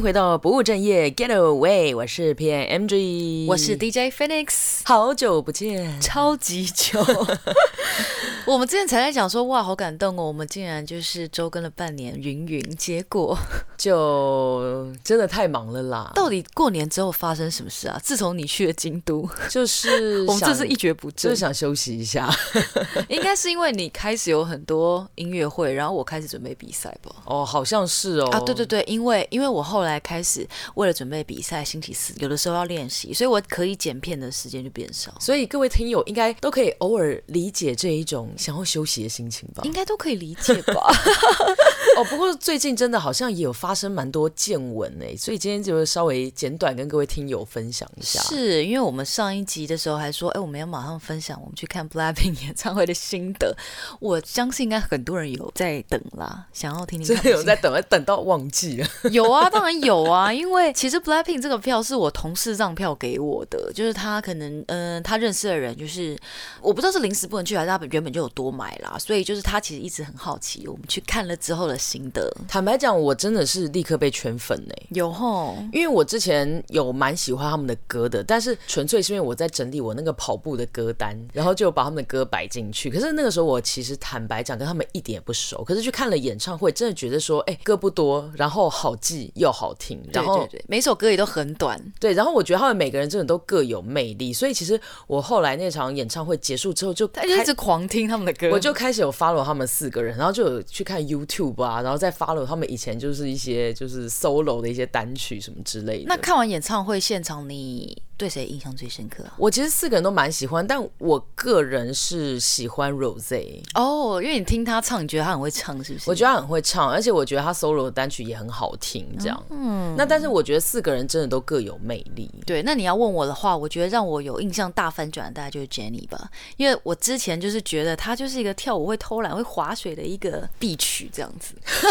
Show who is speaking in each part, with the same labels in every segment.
Speaker 1: 回到不務正業 Getaway，我是 PMG，我是 DJ Phoenix，好久不見，超級久。 我們之前才在講說，哇好感動哦，我們竟然就是週更了半年，云云，結果就真的太忙了啦。到底過年之後發生什麼事啊？自從你去了京都，就是我們這次一蹶不振，就是想休息一下。 應該是因為你開始有很多音樂會，然後我開始準備比賽吧？哦，好像是哦。啊，對對對，因為因為我後來開始為了準備比賽，星期四有的時候要練習，所以我可以剪片的時間就變少。所以各位聽友應該都可以偶爾理解這一種。想要休息的心情吧，應該都可以理解吧。 哦，不過最近真的好像也有發生蠻多見聞哎，所以今天就是稍微簡短跟各位聽友分享一下。是，因為我們上一集的時候還說，哎、欸，我們要馬上分享我們去看 Blackpink 演唱會的心得。我相信應該很多人有在等啦， 想要聽聽。真的有在等，等到忘記了。 有啊，當然有啊，因為其實 Blackpink 這個票是我同事讓票給我的，就是他可能嗯、呃，他認識的人，就是我不知道是臨時不能去還是他原本就。多買啦，所以就是他其實一直很好奇，我們去看了之後的心得。坦白講，我真的是立刻被圈粉呢。有吼！因為我之前有蠻喜歡他們的歌的，但是純粹是因為我在整理我那個跑步的歌單，然後就把他們的歌擺進去。可是那個時候我其實坦白講跟他們一點也不熟，可是去看了演唱會，真的覺得說，哎，歌不多，然後好記又好聽，然後每首歌也都很短，對。然後我覺得他們每個人真的都各有魅力，所以其實我後來那場演唱會結束之後，就開他就一直狂聽他們。我就開始有 follow 他們四個人，然後就有去看 YouTube 啊，然後再 follow 他們以前就是一些就是 solo 的一些單曲什麼之類的。那看完演唱會現場你？對誰印象最深刻啊？我其實四個人都蠻喜歡，但我個人是喜歡 Rosé 哦，oh, 因為你聽他唱，你覺得他很會唱，是不是？我覺得他很會唱，而且我覺得他 solo 的單曲也很好聽，這樣。嗯。那但是我覺得四個人真的都各有魅力。對，那你要問我的話，我覺得讓我有印象大翻轉，大概就是 Jenny 吧，因為我之前就是覺得他就是一個跳舞會偷懶、會划水的一個 bitch 這樣子。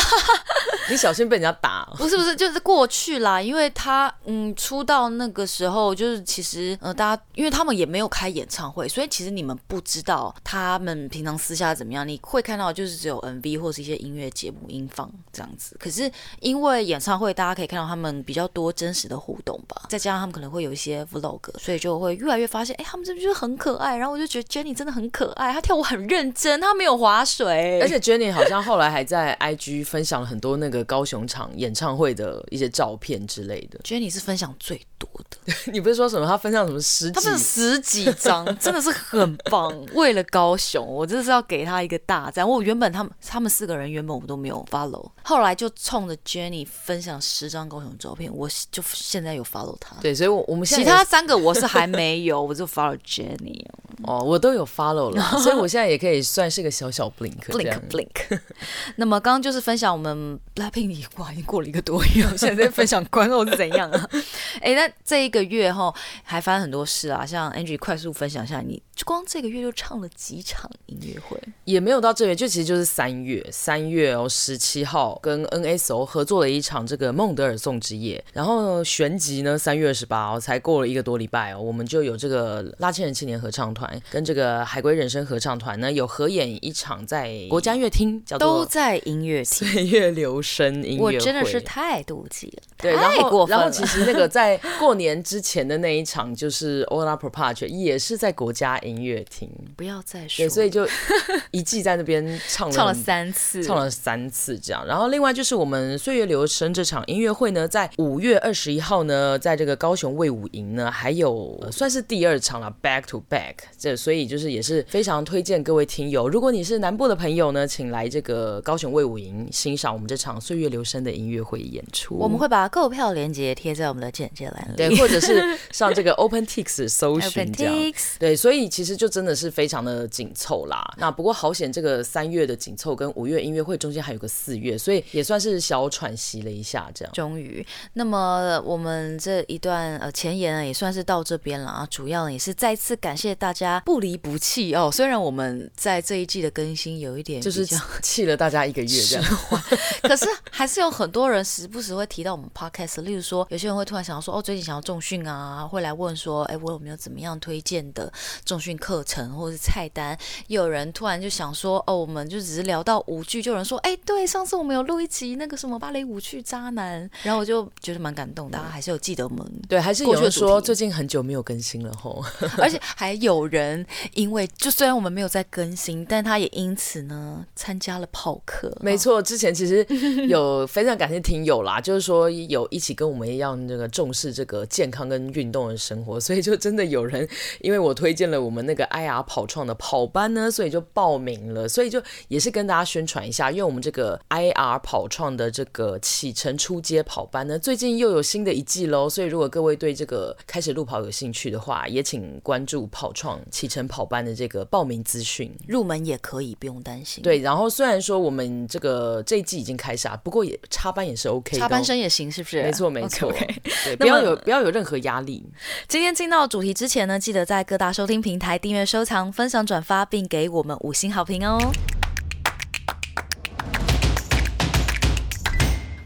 Speaker 1: 你小心被人家打。不是不是，就是過去啦，因為他嗯，出道那個時候就是。就其實，呃，大家因為他們也沒有開演唱會，所以其實你們不知道他們平常私下怎麼樣。你會看到就是只有 MV 或是一些音樂節目音放這樣子。可是因為演唱會，大家可以看到他們比較多真實的互動吧，再加上他們可能會有一些 Vlog，所以就會越來越發現，哎、欸，他們真的就是很可愛。然後我就覺得 Jenny 真的很可愛，她跳舞很認真，她沒有划水。而且 Jenny 好像後來還在 IG 分享了很多那個高雄場演唱會的一些照片之類的。 Jenny 是分享最多的， 你不是說？什麼？他分享什麼十幾？他是十幾張，真的是很棒。 為了高雄，我真的是要給他一個大讚。我原本他們他們四個人原本我們都沒有 follow，後來就衝着 Jenny 分享十張高雄照片，我就現在有 follow 他。對，所以，我我們現在其他三個我是還沒有，我就 follow Jenny。 哦，我都有 follow 了， 所以我現在也可以算是個小小 blink blink blink 這樣。 那麼剛剛就是分享我們 Blackpink 你哇，已經過了一個多月，我現在在分享觀澳是怎樣啊？哎、欸，那這一個月哈。還發生很多事啊，像 Angie 快速分享一下，你光這個月就唱了幾場音樂會？也沒有到這個月，就其實就是三月，三月哦十七號跟 NSO 合作了一場這個孟德爾頌之夜，然後旋即呢三月二十八號，才過了一個多禮拜哦，我們就有這個拉縴人青年合唱團跟這個海歸人聲合唱團呢有合演一場在國家樂廳，叫做都在音樂廳歲月留聲音樂會我真的是太妒忌了，對，太過分了然後然後其實那個在過年之前的那。那一場就是《o l a Proparch》，也是在國家音樂廳。不要再說，所以就一季在那邊唱， 唱了三次，唱了三次這樣。然後另外就是我們《歲月留聲》這場音樂會呢，在五月二十一號呢，在這個高雄衛武營呢，還有、呃、算是第二場了，Back to Back。這所以就是也是非常推薦各位聽友，如果你是南部的朋友呢，請來這個高雄衛武營欣賞我們這場《歲月留聲》的音樂會演出。我們會把購票連結貼在我們的簡介欄裡，對，或者是。 上這個 OpenTix 搜尋這樣，OpenTix，對，所以其實就真的是非常的緊湊啦。那不過好險，這個三月的緊湊跟五月音樂會中間還有個四月，所以也算是小喘息了一下，這樣。終於，那麼我們這一段呃前言也算是到這邊了啊。主要也是再次感謝大家不離不棄哦。雖然我們在這一季的更新有一點就是氣了大家一個月這樣， 可是還是有很多人時不時會提到我們 Podcast，例如說有些人會突然想要說哦，最近想要重訓啊。然後會來問說，哎、欸，我有沒有怎麼樣推薦的重訓課程或是菜單？有人突然就想說，哦，我們就只是聊到舞劇，就有人說，哎、欸，對，上次我們有錄一集那個什麼芭蕾舞劇渣男，然後我就覺得蠻感動的，大家還是有記得我們。對，還是有人說最近很久沒有更新了吼，而且還有人因為就雖然我們沒有在更新，但他也因此呢參加了泡課。沒錯，之前其實有 非常感謝聽友啦，就是說有一起跟我們一樣那個重視這個健康跟運。運動的生活，所以就真的有人，因為我推薦了我們那個 IR 跑創的跑班呢，所以就報名了，所以就也是跟大家宣傳一下，因為我們這個 IR 跑創的這個啟程初階跑班呢，最近又有新的一季嘍，所以如果各位對這個開始路跑有興趣的話，也請關注跑創啟程跑班的這個報名資訊，入門也可以，不用擔心。對，然後雖然說我們這個這一季已經開始啊，不過也插班也是 OK，插班生也行，是不是？沒錯，沒錯，對，OK，對、OK，不要有不要有任何壓力。今天進到主題之前呢，記得在各大收聽平台訂閱、收藏、分享、轉發，並給我們五星好評哦。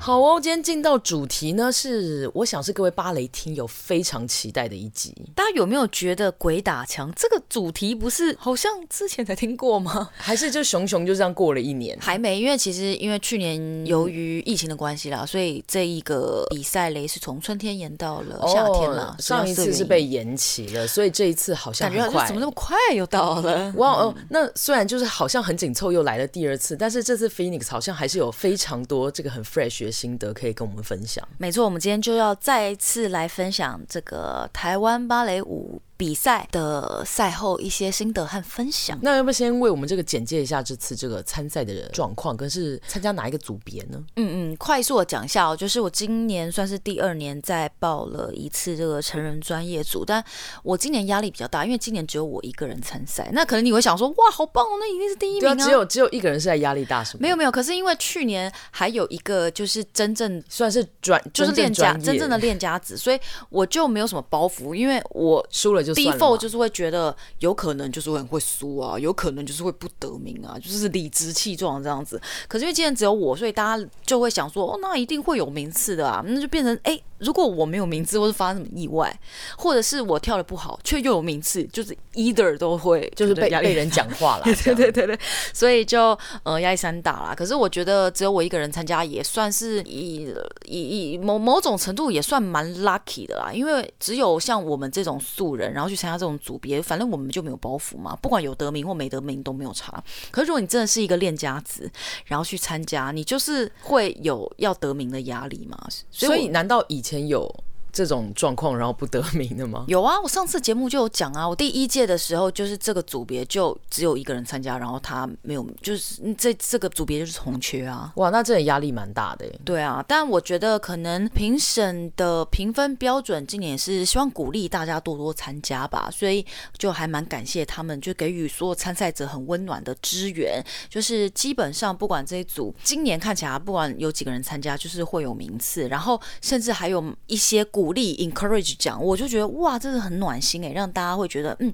Speaker 1: 好哦，今天進到主題呢，是我想是各位芭蕾聽友非常期待的一集。大家有沒有覺得“鬼打牆”這個主題不是好像之前才聽過嗎？還是就熊熊就這樣過了一年？還沒，因為其實因為去年由於疫情的關係啦，所以這一個比賽雷是從春天延到了夏天啦。Oh, 上一次是被延期了，所以這一次好像很快，感覺好像怎麼那麼快又到了。哇、嗯、哦，wow, oh, 那雖然就是好像很緊湊又來了第二次，但是這次 Phoenix 好像還是有非常多這個很 fresh。心得可以跟我們分享。沒錯，我們今天就要再一次來分享這個台灣芭蕾舞比賽的賽後一些心得和分享。那要不先為我們這個簡介一下這次這個參賽的狀況，可是參加哪一個組別呢？嗯嗯，快速的講一下哦，就是我今年算是第二年再報了一次這個成人專業組，嗯，但我今年壓力比較大，因為今年只有我一個人參賽。那可能你會想說，哇，好棒哦，那一定是第一名啊，對啊，只有只有一個人是在壓力大什麼？沒有沒有，可是因為去年還有一個就是真正算是轉就是練家真，真正的練家子，所以我就沒有什麼包袱，因為 我輸了。Default 就是會覺得有可能就是會很會輸啊，有可能就是會不得名啊，就是理直氣壯這樣子。可是因為今天只有我，所以大家就會想說，哦，那一定會有名次的啊，那就變成哎、欸。如果我沒有名字，或是發生什麼意外，或者是我跳的不好，卻又有名次，就是 either 都會就是被被人講話啦。 對對對對，所以就呃壓力山大啦。可是我覺得只有我一個人參加，也算是以以，以某某種程度也算蠻 lucky 的啦。因為只有像我們這種素人，然後去參加這種組別，反正我們就沒有包袱嘛。不管有得名或沒得名都沒有差。可是如果你真的是一個練家子，然後去參加，你就是會有要得名的壓力嘛。所以難道已經。以前有。這種狀況，然後不得名的嗎？有啊，我上次節目就有講啊。我第一屆的時候，就是這個組別就只有一個人參加，然後他沒有，就是這這個組別就是從缺啊。哇，那真的壓力蠻大的耶。對啊，但我覺得可能評審的評分標準今年是希望鼓勵大家多多參加吧，所以就還蠻感謝他們，就給予所有參賽者很溫暖的支援。就是基本上不管這一組，今年看起來不管有幾個人參加，就是會有名次，然後甚至還有一些。鼓勵 encourage 獎，我就覺得哇，真的很暖心哎、欸，讓大家會覺得嗯，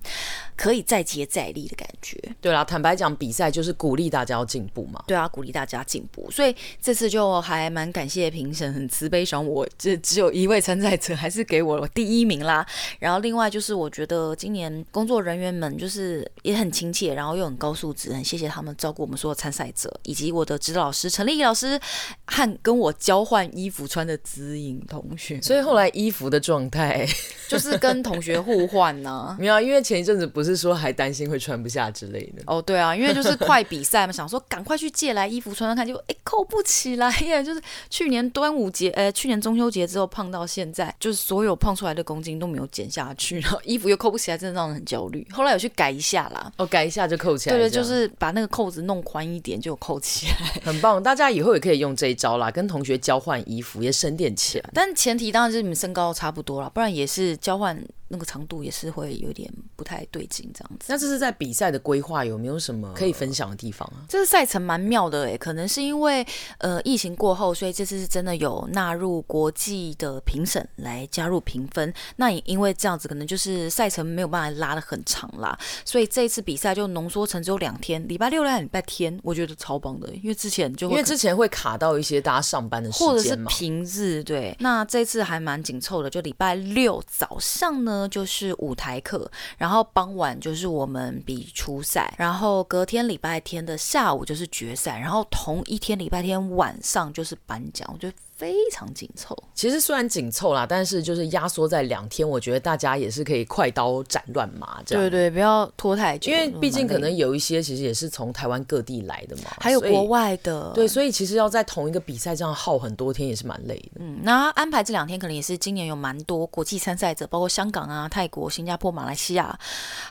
Speaker 1: 可以再接再厲的感覺。對啦，坦白講，比賽就是鼓勵大家要進步嘛。對啊，鼓勵大家進步，所以這次就還蠻感謝評審很慈悲爽，想我這只有一位參賽者，還是給我第一名啦。然後另外就是我覺得今年工作人員們就是也很親切，然後又很高素質，很謝謝他們照顧我們所有參賽者，以及我的指導老師陳立宜老師和跟我交換衣服穿的指引同學。所以後來。衣服的狀態就是跟同學互換吶，沒有、啊，因為前一陣子不是說還擔心會穿不下之類的。哦，對啊，因為就是快比賽嘛，想說趕快去借來衣服穿穿看，就哎、欸、扣不起來呀。就是去年端午節，呃、欸，去年中秋節之後胖到現在，就是所有胖出來的公斤都沒有減下去，然後衣服又扣不起來，真的讓人很焦慮。後來有去改一下啦，哦，改一下就扣起來，對對，就是把那個扣子弄寬一點就扣起來，很棒。大家以後也可以用這一招啦，跟同學交換衣服也省點錢，但前提當然、就是你們。身高差不多了，不然也是交換那個長度也是會有點不太對勁這樣子。那這是在比賽的規劃有沒有什麼可以分享的地方啊？這是賽程蠻妙的哎、欸，可能是因為呃疫情過後，所以這次是真的有納入國際的評審來加入評分。那也因為這樣子，可能就是賽程沒有辦法拉得很長啦，所以這一次比賽就濃縮成只有兩天，禮拜六禮拜天我覺得超棒的、欸，因為之前就會因為之前會卡到一些大家上班的時間嘛，或者是平日對。那這次還蠻緊。緊湊的，就禮拜六早上呢，就是舞台課，然後傍晚就是我們比初賽，然後隔天禮拜天的下午就是決賽，然後同一天禮拜天晚上就是頒獎。我覺得。非常緊湊。其實雖然緊湊啦，但是就是壓縮在兩天，我覺得大家也是可以快刀斬亂麻這樣。對，對對，不要拖太久，因為畢竟可能有一些其實也是從台灣各地來的嘛的，還有國外的。對，所以其實要在同一個比賽這樣耗很多天也是蠻累的。嗯，那安排這兩天可能也是今年有蠻多國際參賽者，包括香港啊、泰國、新加坡、馬來西亞，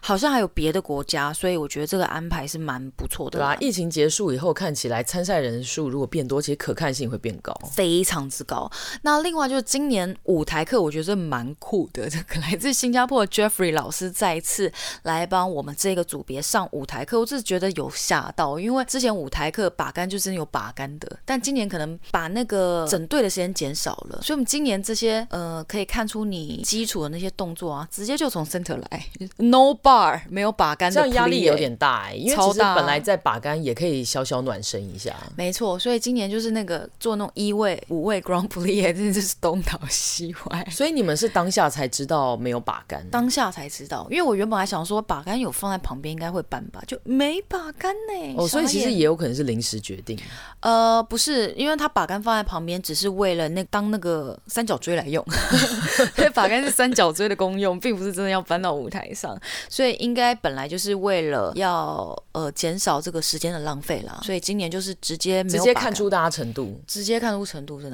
Speaker 1: 好像還有別的國家，所以我覺得這個安排是蠻不錯的。對啊，疫情結束以後，看起來參賽人數如果變多，其實可看性會變高，非常常之高。那另外就是今年舞台課，我覺得蠻酷的。這個來自新加坡的 Jeffrey 老師再一次來幫我們這個組別上舞台課，我就是覺得有嚇到，因為之前舞台課把杆就是有把杆的，但今年可能把那個整隊的時間減少了，所以我們今年這些呃可以看出你基礎的那些動作啊，直接就從 center 來，no bar 沒有把杆，這壓力也有點大哎，因為其實本來在把杆也可以小小暖身一下，沒錯，所以今年就是那個做那種一位舞。.為 Grand Plié 真的是東倒西歪。所以你們是當下才知道沒有把桿啊？當下才知道，因為我原本還想說把桿有放在旁邊應該會搬吧，就沒把桿呢。哦，所以其實也有可能是臨時決定。呃，不是，因為他把桿放在旁邊，只是為了那當那個三角錐來用。所以把 桿是三角錐的功用，並不是真的要搬到舞台上，所以應該本來就是為了要呃減少這個時間的浪費啦。所以今年就是直接沒有，直接看出大家程度，直接看出程度真的。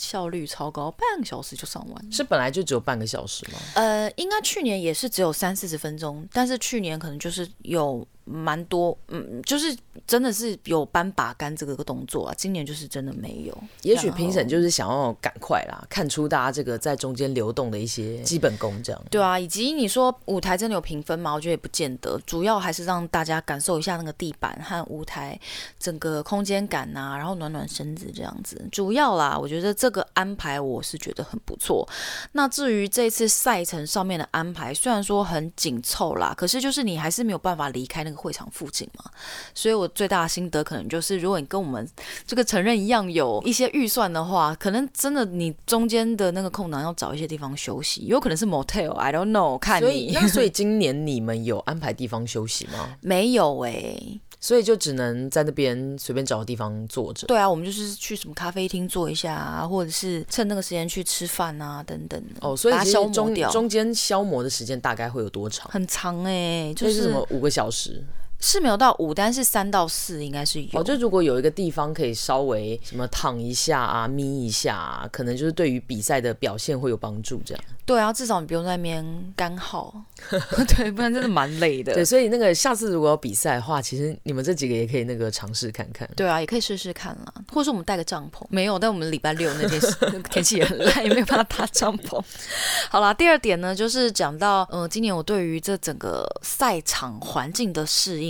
Speaker 1: 效率超高，半個小時就上完。是本來就只有半個小時嗎？呃，應該去年也是只有三四十分鐘，但是去年可能就是有蠻多，嗯，就是真的是有搬把杆這個個動作啊。今年就是真的沒有。也許評審就是想要趕快啦，看出大家這個在中間流動的一些基本功這樣。對啊，以及你說舞台真的有評分嗎？我覺得也不見得，主要還是讓大家感受一下那個地板和舞台整個空間感吶啊，然後暖暖身子這樣子。主要啦，我覺得這個。這個安排我是覺得很不錯。那至於這次賽程上面的安排，雖然說很緊湊啦，可是就是你還是沒有辦法離開那個會場附近嘛。所以我最大的心得可能就是，如果你跟我們這個成人一樣有一些預算的話，可能真的你中間的那個空檔要找一些地方休息，有可能是 motel，I don't know。看你。那所以今年你們有安排地方休息嗎？ 沒有哎、欸。所以就只能在那邊隨便找個地方坐着。對啊，我們就是去什麼咖啡廳坐一下啊，或者是趁那個時間去吃飯啊，等等。哦，所以其實中它消磨掉，中間消磨的時間大概會有多長？很長哎、欸，就是什麼五個小時。是沒有到五，但是三到四應該是有。哦，就如果有一個地方可以稍微什麼躺一下啊、眯一下啊，可能就是對於比賽的表現會有幫助這樣。對啊，至少你不用在那邊乾耗。 對，不然真的蠻累的。對，所以那個下次如果要比賽的話，其實你們這幾個也可以那個嘗試看看。對啊，也可以試試看啦。或者說我們帶個帳篷？沒有，但我們禮拜六那天 那天氣也很爛，也沒有辦法搭帳篷。 好了，第二點呢，就是講到嗯、呃，今年我對於這整個賽場環境的適應。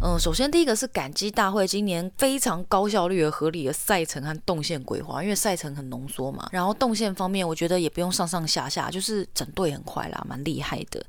Speaker 1: 嗯、呃，首先第一個是感激大會今年非常高效率和合理的賽程和動線規劃，因為賽程很濃縮嘛。然後動線方面，我覺得也不用上上下下，就是整隊很快啦，蠻厲害的。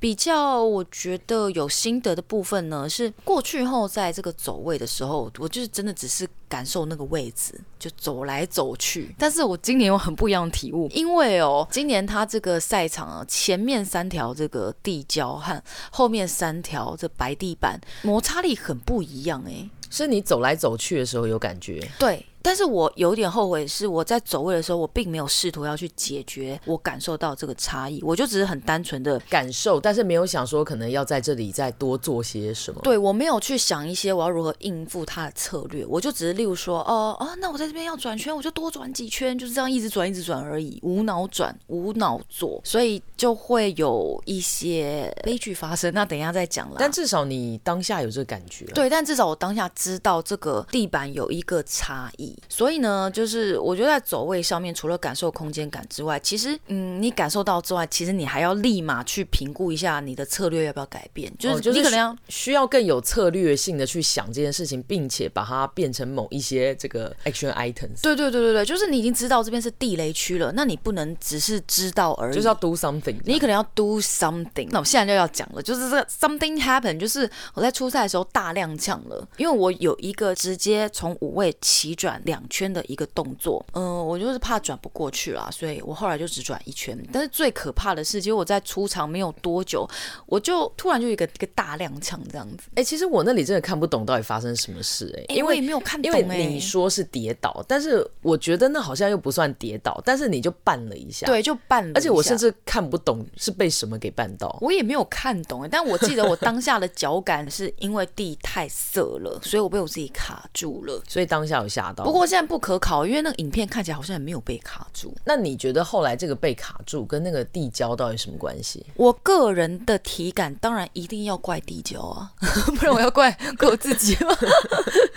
Speaker 1: 比較我覺得有心得的部分呢，是過去後在這個走位的時候，我就是真的只是感受那個位置，就走來走去。但是我今年有很不一樣的體悟，因為哦，今年他這個賽場啊，前面三條這個地膠和後面三條這白地板摩擦。壓力很不一樣哎、欸，是你走來走去的時候有感覺？對。但是我有點後悔，是我在走位的時候，我並沒有試圖要去解決我感受到這個差異，我就只是很單純的感受，但是沒有想說可能要在這裡再多做些什麼。對，我沒有去想一些我要如何應付他的策略，我就只是例如說，哦、呃、哦、啊，那我在這邊要轉圈，我就多轉幾圈，就是這樣一直轉一直轉而已，無腦轉，無腦做，所以就會有一些悲劇發生。那等一下再講了，但至少你當下有這個感覺、啊，對，但至少我當下知道這個地板有一個差異。所以呢，就是我覺得在走位上面，除了感受空間感之外，其實，嗯，你感受到之外，其實你還要立馬去評估一下你的策略要不要改變。就是、哦就是、你可能要需要更有策略性的去想這件事情，並且把它變成某一些這個 action items。對對對對對，就是你已經知道這邊是地雷區了，那你不能只是知道而已，就是要 do something。你可能要 do something。那我現在就要講了，就是這個 something happen，就是我在初賽的時候大踉蹌了，因為我有一個直接從五位起轉。兩圈的一個動作，嗯、呃，我就是怕轉不過去啊，所以我後來就只轉一圈。但是最可怕的是，其實我在出場沒有多久，我就突然就一個一個大踉蹌這樣子。哎、欸，其實我那裡真的看不懂到底發生什麼事、欸，哎、欸，因為沒有看懂、欸，因為你說是跌倒，但是我覺得那好像又不算跌倒，但是你就絆了一下，對，就絆了，而且我甚至看不懂是被什麼給絆到，我也沒有看懂、欸。但我記得我當下的腳感是因為地太澀了， 所以我被我自己卡住了，所以當下有嚇到。不過現在不可考，因為那個影片看起來好像也沒有被卡住。那你覺得後來這個被卡住跟那個地膠到底什麼關係？我個人的體感當然一定要怪地膠啊， 不然我要怪怪我自己嗎？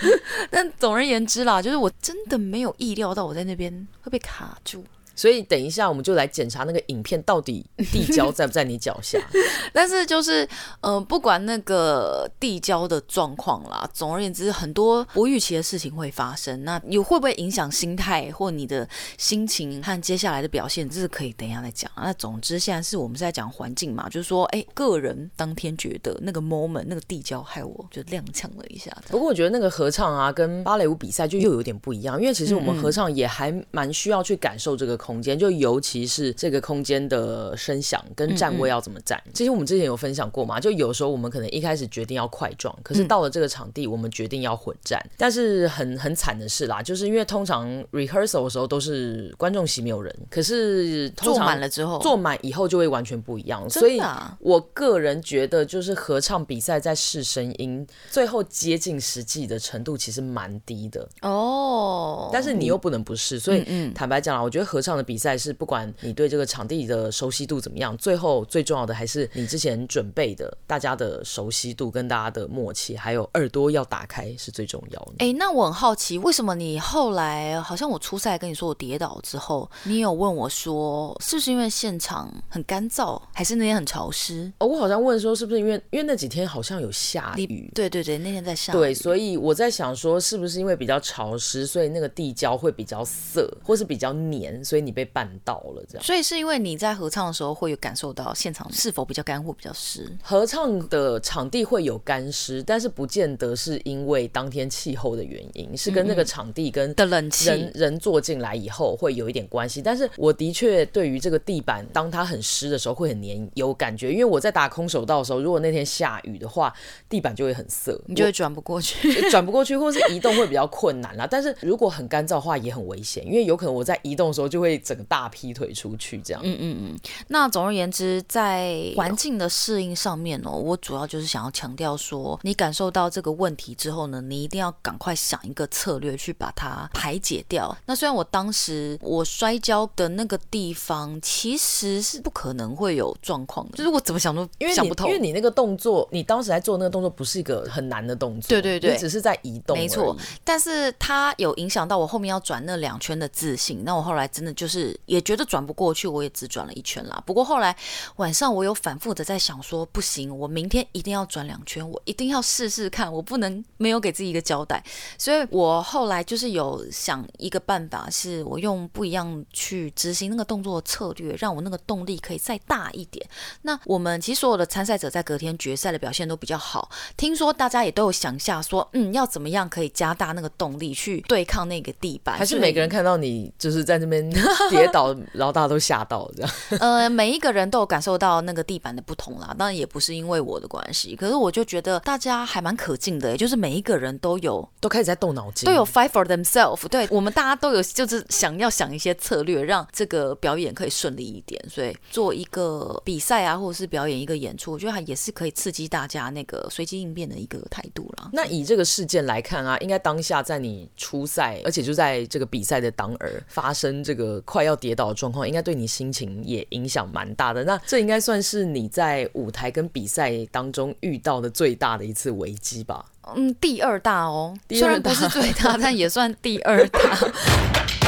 Speaker 1: 但總而言之啦，就是我真的沒有意料到我在那邊會被卡住。所以等一下，我們就來檢查那個影片，到底地膠在不在你腳下。 但是就是呃，不管那個地膠的狀況啦，總而言之，很多不預期的事情會發生。那有會不會影響心態或你的心情和接下來的表現，這是可以等一下再講、啊。那總之現在是我們是在講環境嘛，就是說，哎、欸，個人當天覺得那個 moment 那個地膠害我就踉蹌了一下。不過我覺得那個合唱啊，跟芭蕾舞比賽就又有點不一樣，因為其實我們合唱也還蠻需要去感受這個。嗯空間就尤其是這個空間的聲響跟站位要怎麼站，嗯嗯，這些我們之前有分享過嘛，就有時候我們可能一開始決定要塊狀，可是到了這個場地，我們決定要混站。嗯、但是很很慘的事啦，就是因為通常 rehearsal 的時候都是觀眾席沒有人，可是坐滿了之後，坐滿以後就會完全不一樣。所以，我個人覺得，就是合唱比賽在試聲音，最後接近實際的程度其實蠻低的哦。但是你又不能不試，所以坦白講啊、嗯嗯，我覺得合唱的比賽是不管你對這個場地的熟悉度怎麼樣，最後最重要的還是你之前準備的，大家的熟悉度跟大家的默契，還有耳朵要打開是最重要的。哎、欸，那我很好奇，為什麼你後來好像我初賽跟你說我跌倒之後，你有問我說是不是因為現場很乾燥，還是那天很潮濕？哦，我好像問說是不是因為因為那幾天好像有下雨？對對對，那天在下雨。對，所以我在想說是不是因為比較潮濕，所以那個地膠會比較澀，或是比較黏，所以。你被絆倒了，這樣。所以是因為你在合唱的時候會有感受到現場是否比較乾或比較濕？合唱的場地會有乾濕，但是不見得是因為當天氣候的原因，是跟那個場地跟的冷氣，嗯嗯，人坐進來以後會有一點關係。但是我的確對於這個地板，當它很濕的時候會很黏，有感覺。因為我在打空手道的時候，如果那天下雨的話，地板就會很澀，你就會轉不過去，轉 不過去，或是移動會比較困難啦、啊。但是如果很乾燥的話也很危險，因為有可能我在移動的時候就會。整個大劈腿出去這樣，嗯嗯嗯。那總而言之，在環境的適應上面哦，我主要就是想要強調說，你感受到這個問題之後呢，你一定要趕快想一個策略去把它排解掉。那雖然我當時我摔跤的那個地方其實是不可能會有狀況的，就是我怎麼想都想不通。因為你那個動作，你當時在做那個動作不是一個很難的動作，對對對，你只是在移動，沒錯。但是它有影響到我後面要轉那兩圈的自信，那我後來真的就。就是也覺得轉不過去，我也只轉了一圈啦。不過後來晚上我有反復的在想，說不行，我明天一定要轉兩圈，我一定要試試看，我不能沒有給自己一個交代。所以我後來就是有想一個辦法，是我用不一樣去執行那個動作的策略，讓我那個動力可以再大一點。那我們其實所有的參賽者在隔天決賽的表現都比較好，聽說大家也都有想一下說，嗯，要怎麼樣可以加大那個動力去對抗那個地板？還是每個人看到你就是在那邊？ 跌倒，然後大家都嚇到，這樣。呃，每一個人都有感受到那個地板的不同啦，當然也不是因為我的關係，可是我就覺得大家還蠻可敬的、欸，就是每一個人都有，都開始在動腦筋，都有 fight for themselves，對，我們大家都有，就是想要想一些策略，讓這個表演可以順利一點。所以做一個比賽啊，或者是表演一個演出，我覺得還也是可以刺激大家那個隨機應變的一個態度啦。那以這個事件來看啊，應該當下在你初賽，而且就在這個比賽的當兒發生這個。快要跌倒的狀況，應該對你心情也影響蠻大的。那這應該算是你在舞台跟比賽當中遇到的最大的一次危機吧？嗯，第二大哦，第二大，雖然不是最大，但也算第二大。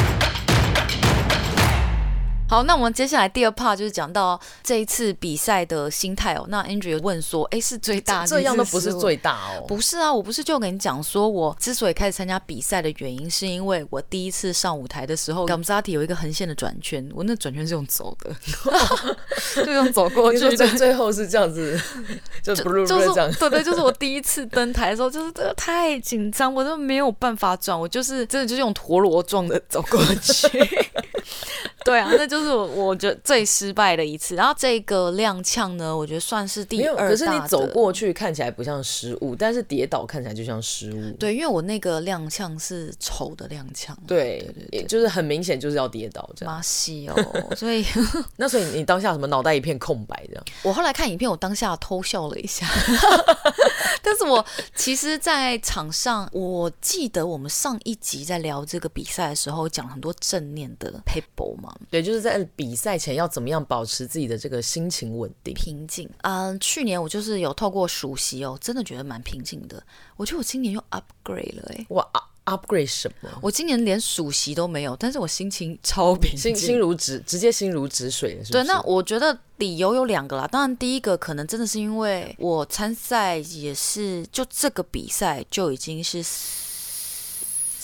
Speaker 1: 好，那我們接下來第二 part 就是講到這一次比賽的心態哦。那 Andrew 問說：“哎、欸，是最大的，這樣都不是最大哦，不是啊，我不是就跟你講說，我之所以開始參加比賽的原因，是因為我第一次上舞台的時候，岡薩提有一個橫線的轉圈，我那轉圈是用走的， 就用走過去，最 最後是這樣子， 就 就，就是、 就是、對對，就是我第一次登台的時候，就是這個太緊張，我都沒有辦法轉，我就是真的就是用陀螺狀的走過去。 ” 對啊，那就是我覺得最失敗的一次。然後這個踉蹌呢，我覺得算是第二。可是你走過去看起來不像失誤，但是跌倒看起來就像失誤。對，因為我那個踉蹌是醜的踉蹌，對，對對對，就是很明顯就是要跌倒這樣。媽西哦！所以 那所以你當下什麼腦袋一片空白這樣？我後來看影片，我當下偷笑了一下。 但是我其實在場上，我記得我們上一集在聊這個比賽的時候，講了很多正面的。對，就是在比賽前要怎麼樣保持自己的這個心情穩定、平靜。嗯、呃，去年我就是有透過熟悉哦，真的覺得蠻平靜的。我覺得我今年又 upgrade 了哎、欸。哇、啊，upgrade 什麼？我今年連熟悉都沒有，但是我心情超平靜，心如止，直接心如止水是、是。對，那我覺得理由有兩個啦。當然，第一個可能真的是因為我參賽也是就這個比賽就已經是。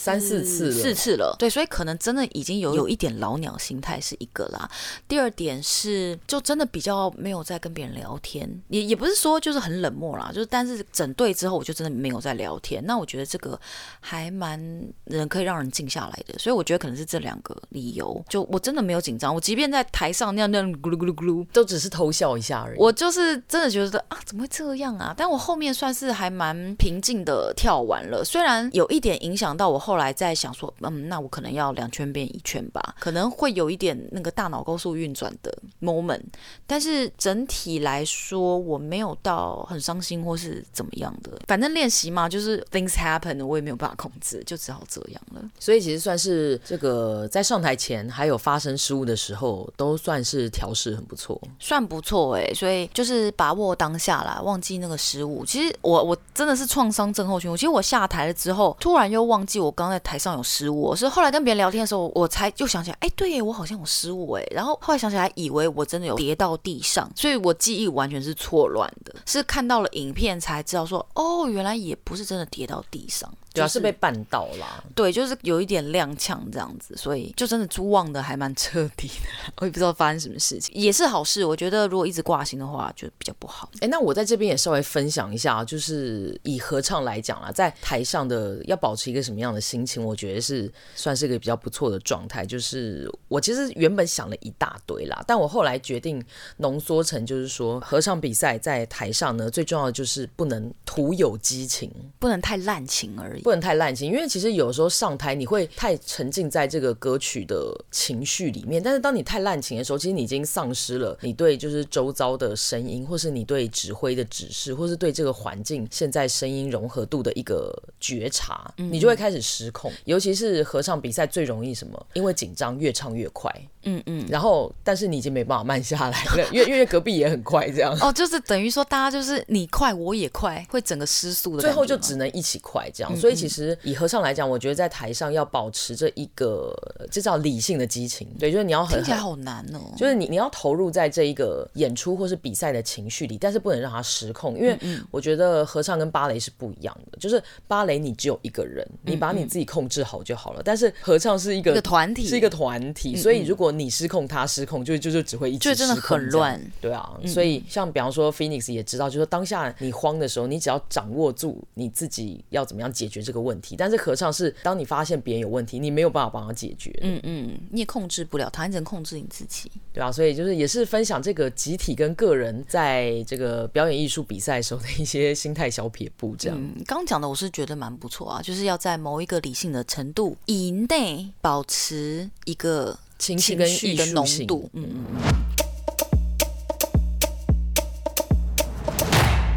Speaker 1: 三四次了，四次了，對，所以可能真的已經有有一點老鳥心態是一個啦。第二點是，就真的比較沒有在跟別人聊天，也也不是說就是很冷漠啦，就是但是整隊之後我就真的沒有在聊天。那我覺得這個還蠻人可以讓人靜下來的，所以我覺得可能是這兩個理由。就我真的沒有緊張，我即便在台上那樣那樣咕嚕咕嚕咕嚕，都只是偷笑一下而已。我就是真的覺得啊，怎麼會這樣啊？但我後面算是還蠻平靜的跳完了，雖然有一點影響到我後。後來在想說，嗯，那我可能要兩圈變一圈吧，可能會有一點那個大腦高速運轉的 moment，但是整體來說我沒有到很傷心或是怎麼樣的。反正練習嘛，就是 things happen，我也沒有辦法控制，就只好這樣了。所以其實算是這個在上台前還有發生失誤的時候，都算是調試很不錯，算不錯哎、欸。所以就是把握當下啦，忘記那個失誤。其實我我真的是創傷症候群。其實我下台了之後，突然又忘記我剛。剛剛在台上有失誤，是後來跟別人聊天的時候，我才又想起來，哎，對我好像有失誤，哎，然後後來想起來，以為我真的有跌到地上，所以我記憶完全是錯亂的，是看到了影片才知道說，哦，原來也不是真的跌到地上。主要是被絆倒啦，對，就是有一點踉蹌這樣子，所以就真的豬忘得還蠻徹底的。我也不知道發生什麼事情，也是好事。我覺得如果一直掛心的話，就比較不好。哎，那我在這邊也稍微分享一下，就是以合唱來講啦，在台上的要保持一個什麼樣的心情，我覺得是算是一個比較不錯的狀態。就是我其實原本想了一大堆啦，但我後來決定濃縮成，就是說合唱比賽在台上呢，最重要的就是不能徒有激情，不能太濫情而已。不能太濫情，因為其實有時候上台你會太沉浸在這個歌曲的情緒裡面，但是當你太濫情的時候，其實你已經喪失了你對就是周遭的聲音，或是你對指揮的指示，或是對這個環境現在聲音融合度的一個覺察，你就會開始失控。嗯、尤其是合唱比賽最容易什麼？因為緊張，越唱越快。嗯嗯，然後但是你已經沒辦法慢下來了，因為因為隔壁也很快這樣。 哦，就是等於說大家就是你快我也快，會整個失速的，最後就只能一起快這樣。嗯嗯，所以其實以合唱來講，我覺得在台上要保持着一個這叫理性的激情，對，就是你要很聽起來好難哦，就是你你要投入在這一個演出或是比賽的情緒裡，但是不能讓它失控，因為我覺得合唱跟芭蕾是不一樣的，就是芭蕾你只有一個人，你把你自己控制好就好了，嗯嗯，但是合唱是一個，一個團體，是一個團體，嗯嗯，所以如果你失控，他失控，就就就只會一直失控。就真的很亂，對啊、嗯。所以像比方說，Phoenix 也知道，就是說當下你慌的時候，你只要掌握住你自己要怎麼樣解決這個問題。但是合唱是，當你發現別人有問題，你沒有辦法幫他解決。嗯嗯，你也控制不了他，你只能控制你自己，對啊。所以就是也是分享這個集體跟個人在這個表演藝術比賽的時候的一些心態小撇步。這樣，剛剛講的我是覺得蠻不錯啊，就是要在某一個理性的程度以內保持一個。情緒跟藝術的濃度，嗯嗯嗯。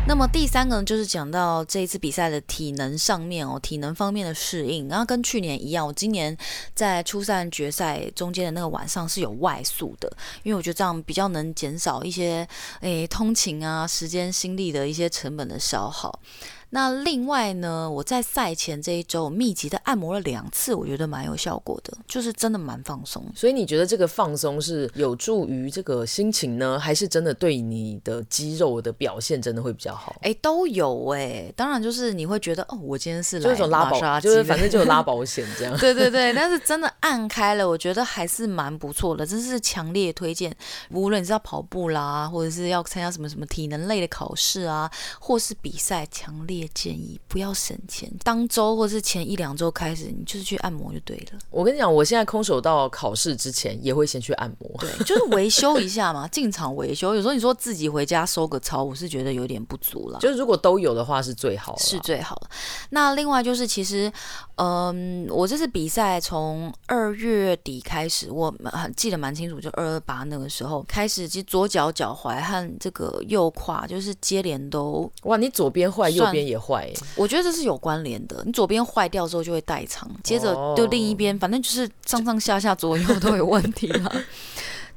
Speaker 1: 那麼第三個呢，就是講到這一次比賽的體能上面哦，體能方面的適應。然後跟去年一樣，我今年在初賽、決賽中間的那個晚上是有外宿的，因為我覺得這樣比較能減少一些誒、欸、通勤啊、時間、心力的一些成本的消耗。那另外呢，我在賽前這一周密集的按摩了兩次，我覺得蠻有效果的，就是真的蠻放鬆。所以你覺得這個放鬆是有助於這個心情呢，還是真的對你的肌肉的表現真的會比較好？哎、欸，都有哎、欸，當然就是你會覺得哦，我今天是來就是拉保，就是反正就是拉保險這樣。 對對對，但是真的按開了，我覺得還是蠻不錯的，真是強烈推薦。無論你是要跑步啦，或者是要參加什麼什麼體能類的考試啊，或是比賽，強烈。建議不要省錢，當周或是前一兩周開始，你就是去按摩就對了。我跟你講，我現在空手道考試之前也會先去按摩，對，就是維修一下嘛，進 場維修。有時候你說自己回家收個操，我是覺得有點不足了。就是、如果都有的話是，是最好，是最好。那另外就是，其實，嗯、呃，我這次比賽從二月底開始，我記得蠻清楚，就二二八那個時候開始，其實左腳腳踝和這個右胯就是接連都，哇，你左邊壞，右邊。也壞，我覺得這是有關聯的。你左邊壞掉之後就會代償，接着就另一邊，反正就是上上下下左右都有問題了。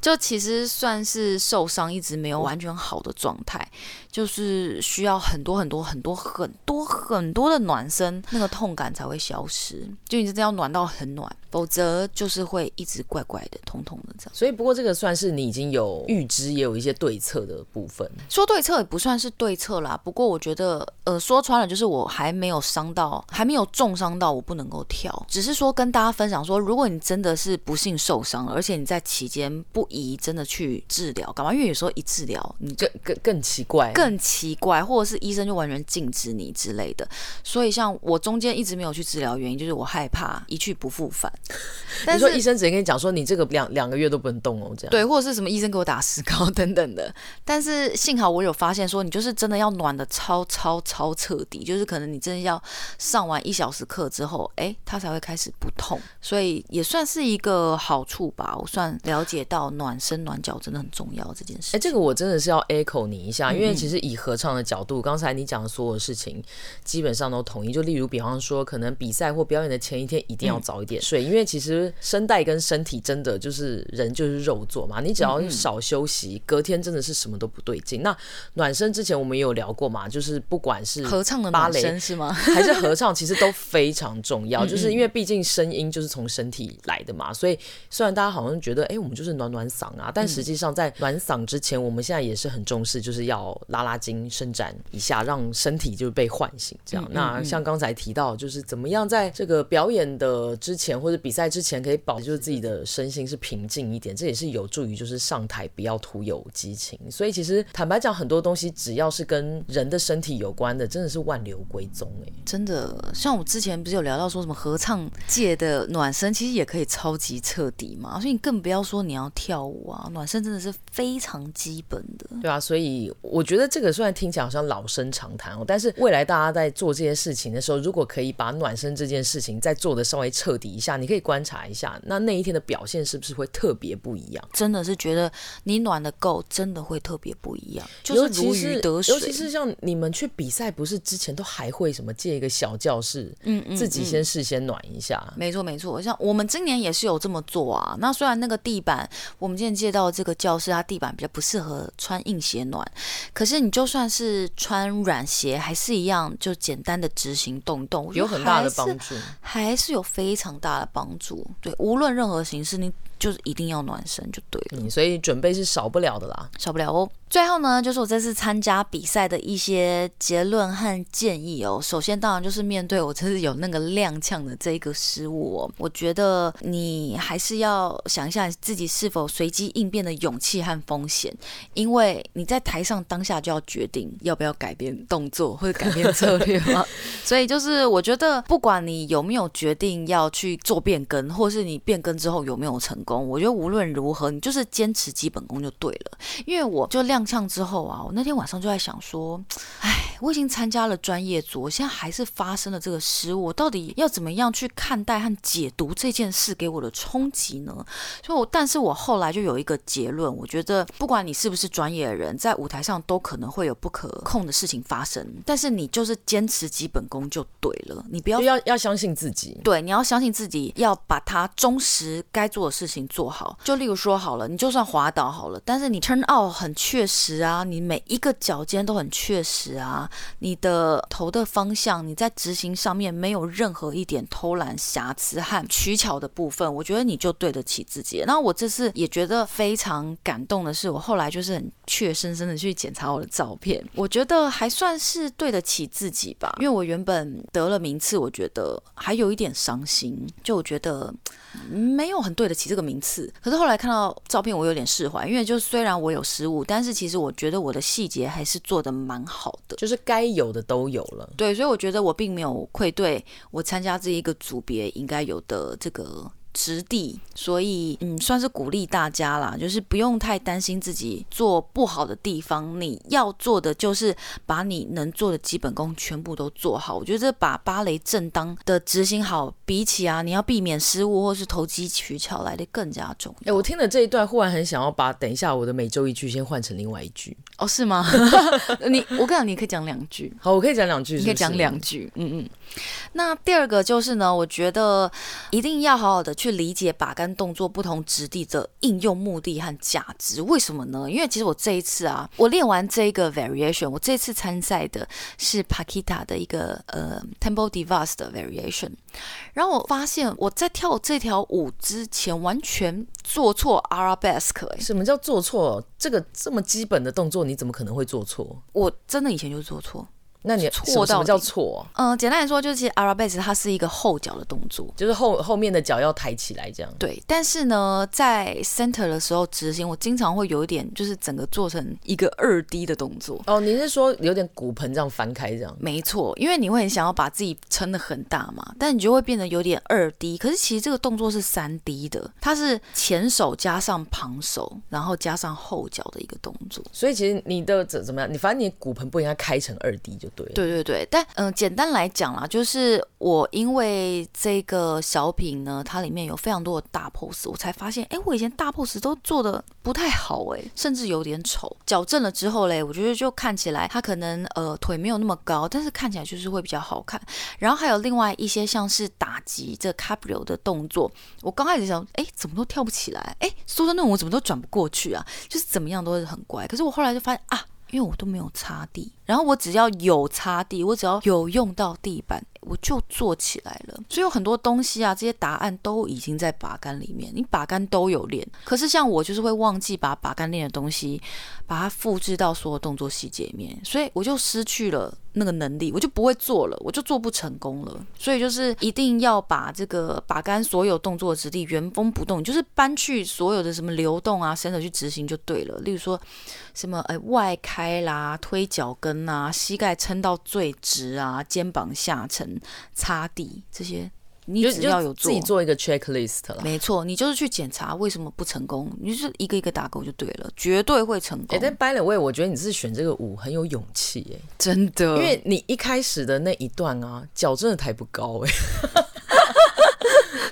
Speaker 1: 就其實算是受傷，一直沒有完全好的狀態，就是需要很多、很多很多很多很多很多的暖身，那個痛感才會消失。就你真的要暖到很暖。否則就是會一直怪怪的、痛痛的這樣。所以，不過這個算是你已經有預知，也有一些對策的部分。說對策也不算是對策啦。不過，我覺得，呃，說穿了就是我還沒有傷到，還沒有重傷到，我不能夠跳。只是說跟大家分享說，如果你真的是不幸受傷了，而且你在期間不宜真的去治療，幹嘛？因為有時候一治療你就更更、更、更奇怪，更奇怪，或者是醫生就完全禁止你之類的。所以，像我中間一直沒有去治療，原因就是我害怕一去不復返。但是說醫生直接跟你講說，你這個兩兩個月都不能動哦、喔，這樣對，或者是什麼醫生給我打石膏等等的。但是幸好我有發現說，你就是真的要暖得超超超徹底，就是可能你真的要上完一小時課之後，哎、欸，它才會開始不痛，所以也算是一個好處吧。我算了解到暖身暖腳真的很重要這件事。哎、欸，這個我真的是要 echo 你一下，因為其實以合唱的角度，剛才你講的所有事情基本上都同意，就例如比方說，可能比賽或表演的前一天一定要早一點睡。嗯，所以因為其實聲帶跟身體真的就是人就是肉做嘛，你只要少休息，隔天真的是什麼都不對勁。那暖身，之前我們也有聊過嘛，就是不管是合唱的芭蕾，還是合唱，其實都非常重要，就是因為畢竟聲音就是從身體來的嘛。所以雖然大家好像覺得哎、欸、我們就是暖暖嗓啊，但實際上在暖嗓之前，我們現在也是很重視，就是要拉拉筋、伸展一下，讓身體就被喚醒。這樣，那像剛才提到，就是怎麼樣在這個表演的之前或者比賽之前可以保持自己的身心是平靜一點，這也是有助於就是上台不要徒有激情。所以其實坦白講，很多東西只要是跟人的身體有關的，真的是萬流歸宗哎、欸。真的，像我之前不是有聊到說什麼合唱界的暖身，其實也可以超級徹底嘛。所以你更不要說你要跳舞啊，暖身真的是非常基本的。對啊，所以我覺得這個雖然聽起來好像老生常談哦，但是未來大家在做這些事情的時候，如果可以把暖身這件事情再做的稍微徹底一下，你。可以觀察一下，那那一天的表現是不是會特別不一樣？真的是覺得你暖的夠，真的會特別不一樣，就是如魚得水。尤其，尤其是像你們去比賽，不是之前都還會什麼借一個小教室，嗯，嗯，嗯，自己先事先暖一下。沒錯，沒錯。像我們今年也是有這麼做啊。那雖然那個地板，我們今天借到這個教室，它地板比較不適合穿硬鞋暖，可是你就算是穿軟鞋，還是一樣就簡單的執行動動，有很大的幫助，還是有非常大的幫。幫助對，無論任何形式，你。就是一定要暖身就對了，嗯，所以準備是少不了的啦，少不了哦。最後呢，就是我這次參加比賽的一些結論和建議哦。首先，當然就是面對我真是有那個踉蹌的這一個失誤哦，我覺得你還是要想一下自己是否隨機應變的勇氣和風險，因為你在台上當下就要決定要不要改變動作或者改變策略嘛。 所以就是我覺得，不管你有沒有決定要去做變更，或是你變更之後有沒有成功。我覺得無論如何，你就是堅持基本功就對了。因為我就亮相之後啊，我那天晚上就在想說，哎，我已經參加了專業組，我現在還是發生了這個失誤，我到底要怎麼樣去看待和解讀這件事給我的衝擊呢？所以，我……但是我後來就有一個結論，我覺得不管你是不是專業的人，在舞台上都可能會有不可控的事情發生，但是你就是堅持基本功就對了，你不要要要相信自己，對，你要相信自己，要把它忠實該做的事情。做好，就例如說好了，你就算滑倒好了，但是你 turn out 很確實啊，你每一個腳尖都很確實啊，你的頭的方向，你在執行上面沒有任何一點偷懶瑕疵和取巧的部分，我覺得你就對得起自己。那我這次也覺得非常感動的是，我後來就是很怯生生的去檢查我的照片，我覺得還算是對得起自己吧，因為我原本得了名次，我覺得還有一點傷心，就我覺得沒有很對得起這個名。名次，可是後來看到照片，我有點釋懷，因為就是雖然我有失誤，但是其實我覺得我的細節還是做得蠻好的，就是該有的都有了。對，所以我覺得我並沒有愧對我參加這一個組別應該有的這個。直地，所以嗯，算是鼓勵大家啦，就是不用太擔心自己做不好的地方，你要做的就是把你能做的基本功全部都做好。我覺得這把芭蕾正當的執行好，比起啊，你要避免失誤或是投機取巧來得更加重要。哎、欸，我聽了這一段，忽然很想要把等一下我的每周一句先換成另外一句。哦？是嗎？ 你我跟你講，你可以講兩句，好，我可以講兩句是不是，你可以講兩句，嗯嗯。那第二個就是呢，我覺得一定要好好的。去理解把桿動作不同質地的應用目的和價值，為什麼呢？因為其實我這一次啊，我練完這一個 variation，我這次參賽的是 Paquita 的一個呃 Temple Divas 的 variation，然後我發現我在跳這條舞之前完全做錯 Arabesque，欸。什麼叫做錯？這個這麼基本的動作，你怎麼可能會做錯？我真的以前就做錯。那你什麼，什麼叫錯啊？嗯，簡單來說就是其實 arabesque，它是一個後腳的動作，就是後後面的腳要抬起來這樣。對，但是呢，在 center 的時候執行，我經常會有一點，就是整個做成一個二 D 的動作。哦，你是說有點骨盆這樣翻開這樣？沒錯，因為你會很想要把自己撐得很大嘛，但你就會變得有點二 D。可是其實這個動作是三 D 的，它是前手加上旁手，然後加上後腳的一個動作。所以其實你的怎怎麼樣，你反正你骨盆不應該開成二 D 就。對對對，但嗯、呃，簡單來講啦，就是我因為這個小品呢，它裡面有非常多的大 pose，我才發現，哎，我以前大 pose 都做得不太好，哎，甚至有點醜。矯正了之後嘞，我覺得就看起來它可能呃腿沒有那麼高，但是看起來就是會比較好看。然後還有另外一些像是打擊這個 cabriole 的動作，我剛開始想，哎，怎麼都跳不起來，哎，說的那種我怎麼都轉不過去啊，就是怎麼樣都是很怪。可是我後來就發現啊，因為我都沒有擦地。然後我只要有擦地，我只要有用到地板，我就做起來了。所以有很多東西啊，這些答案都已經在把桿裡面，你把桿都有練。可是像我就是會忘記把把桿練的東西，把它複製到所有動作細節裡面，所以我就失去了那個能力，我就不會做了，我就做不成功了。所以就是一定要把這個把桿所有動作的質地原封不動，就是搬去所有的什麼流動啊，伸手去執行就對了。例如說什麼哎外開啦，推腳跟。啊！膝蓋撐到最直啊！肩膀下沉、擦地這些，你只要有就自己做一個 checklist 了，沒錯，你就是去檢查為什麼不成功，你就是一個一個打勾就對了，絕對會成功。哎、欸，但 By the way，我覺得你是選這個舞很有勇氣哎、欸，真的，因為你一開始的那一段啊，腳真的抬不高哎、欸。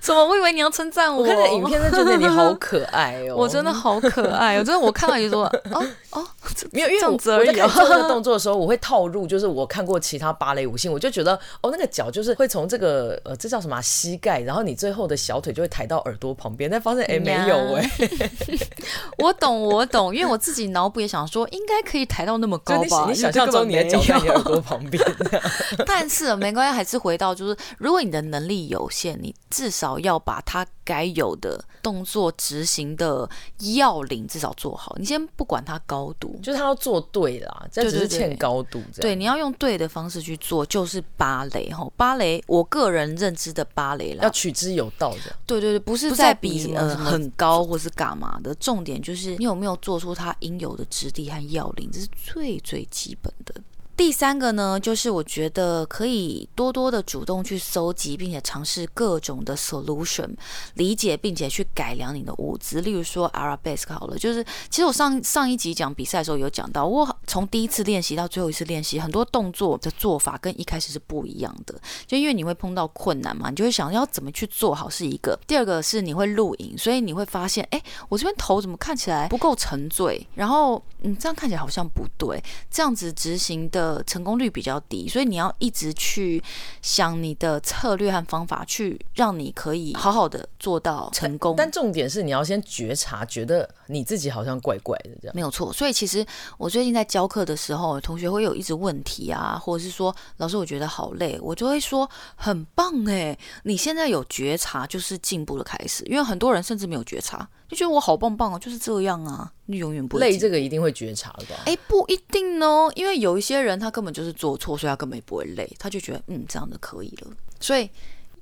Speaker 1: 怎麼？我以為你要稱讚我。我看那影片真覺得你好可愛哦， 我真的好可愛哦！ 真的，我看到就說哦哦，沒有因為這樣子而已、啊。我在看這個動作的時候，我會套入，就是我看過其他芭蕾舞星，我就覺得哦，那個腳就是會從這個呃，這叫什麼、啊、膝蓋，然後你最後的小腿就會抬到耳朵旁邊，但發現哎、欸、沒有哎、欸。 我懂，我懂，因為我自己腦補也想說，應該可以抬到那麼高吧？你，你想象中你的腳在耳朵旁邊， 但是沒關係，還是回到就是，如果你的能力有限，你至少，要把他該有的動作執行的要領至少做好，你先不管他高度，就是他要做對啦，這只是欠高度，對對對。對，你要用對的方式去做，就是芭蕾齁，芭蕾我個人認知的芭蕾啦，要取之有道的。對對對，不是在比，是比呃很高或是幹嘛的，重點就是你有沒有做出他應有的質地和要領，這是最最基本的。第三個呢，就是我覺得可以多多的主動去蒐集，並且嘗試各種的 solution，理解並且去改良你的舞姿。例如說 arabesque 好了，就是其實我上上一集講比賽的時候有講到，我從第一次練習到最後一次練習，很多動作的做法跟一開始是不一樣的，就因為你會碰到困難嘛，你就會想要怎麼去做好，是一個。第二個是你會錄影，所以你會發現，哎，我這邊頭怎麼看起來不夠沉醉，然後嗯，這樣看起來好像不對，這樣子執行的。呃，成功率比較低，所以你要一直去想你的策略和方法，去讓你可以好好的做到成功。但重點是，你要先覺察，覺得你自己好像怪怪的這樣。沒有錯，所以其實我最近在教課的時候，同學會有一直問題啊，或者是說老師，我覺得好累，我就會說很棒哎、欸，你現在有覺察就是進步的開始，因為很多人甚至沒有覺察。就覺得我好棒棒哦，就是這樣啊，你永遠不會累，這個一定會覺察的。哎、欸，不一定哦，因為有一些人他根本就是做錯，所以他根本也不會累，他就覺得嗯，這樣就可以了，所以。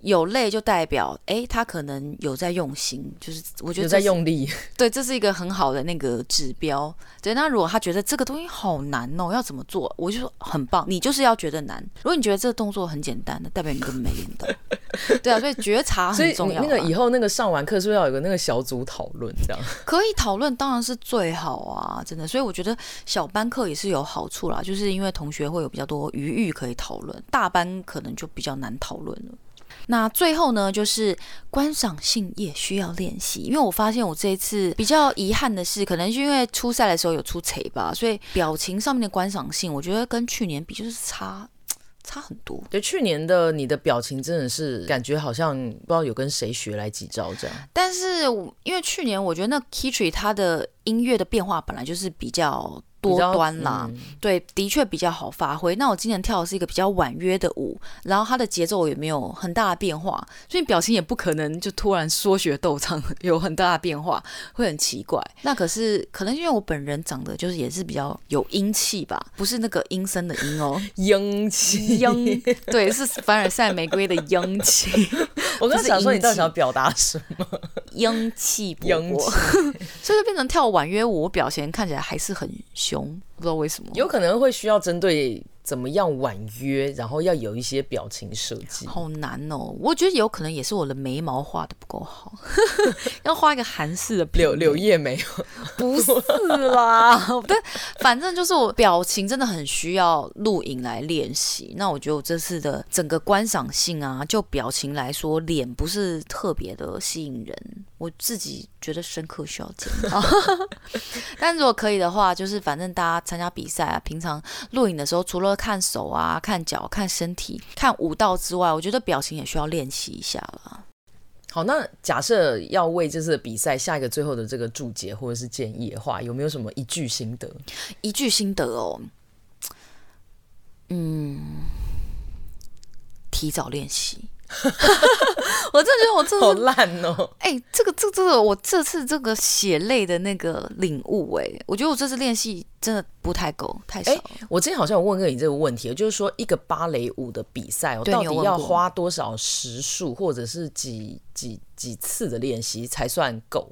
Speaker 1: 有累就代表哎、欸，他可能有在用心，就是我覺得有在用力。對，這是一個很好的那個指標。對，那如果他覺得這個東西好難哦，要怎麼做？我就說很棒，你就是要覺得難。如果你覺得這個動作很簡單的，代表你根本沒練到。 對啊，所以覺察很重要。所以那個以後那個上完課是不是要有個那個小組討論這樣？可以討論，當然是最好啊，真的。所以我覺得小班課也是有好處啦，就是因為同學會有比較多餘裕可以討論，大班可能就比較難討論了。那最後呢，就是觀賞性也需要練習，因為我發現我這一次比較遺憾的是，可能是因為初賽的時候有出槌吧，所以表情上面的觀賞性，我覺得跟去年比就是差差很多。對，去年的你的表情真的是感覺好像不知道有跟誰學來幾招這樣。但是因為去年我覺得那 Kitri 它的音樂的變化本來就是比較。多端啦，嗯、對，的確比較好發揮。那我今年跳的是一個比較婉約的舞，然後它的節奏也沒有很大的變化，所以表情也不可能就突然說學逗唱有很大的變化，會很奇怪。那可是可能因為我本人長得就是也是比較有英氣吧，不是那個陰森的陰哦，英 氣，英，對，是凡爾賽玫瑰的英氣。 我剛想說你到底想表達什麼 英不？英氣不？所以就變成跳婉約舞，我表現看起來還是很凶。不知道為什麼，有可能會需要針對怎麼樣婉約，然後要有一些表情設計，好難哦！我覺得有可能也是我的眉毛畫的不夠好， 要畫一個韓式的柳柳葉眉，不是啦，對， 反正就是我表情真的很需要錄影來練習。那我覺得我這次的整個觀賞性啊，就表情來說，臉不是特別的吸引人，我自己覺得深刻需要笑點。但如果可以的話，就是反正大家參加比賽啊，平常錄影的時候，除了看手啊，看腳，看身體，看舞蹈之外，我覺得表情也需要練習一下了。好，那假設要為這次比賽下一個最後的這個注解或者是建議的話，有沒有什麼一句心得？一句心得哦，嗯，提早練習。 我真的覺得我這是 好爛哦。哎、欸，這個這這個、這個、我這次這個血淚的那個領悟，哎，我覺得我這次練習。真的不太夠，太少。欸，我之前好像有問過你這個問題，就是說一個芭蕾舞的比賽，我到底要花多少時數，或者是幾幾幾次的練習才算夠？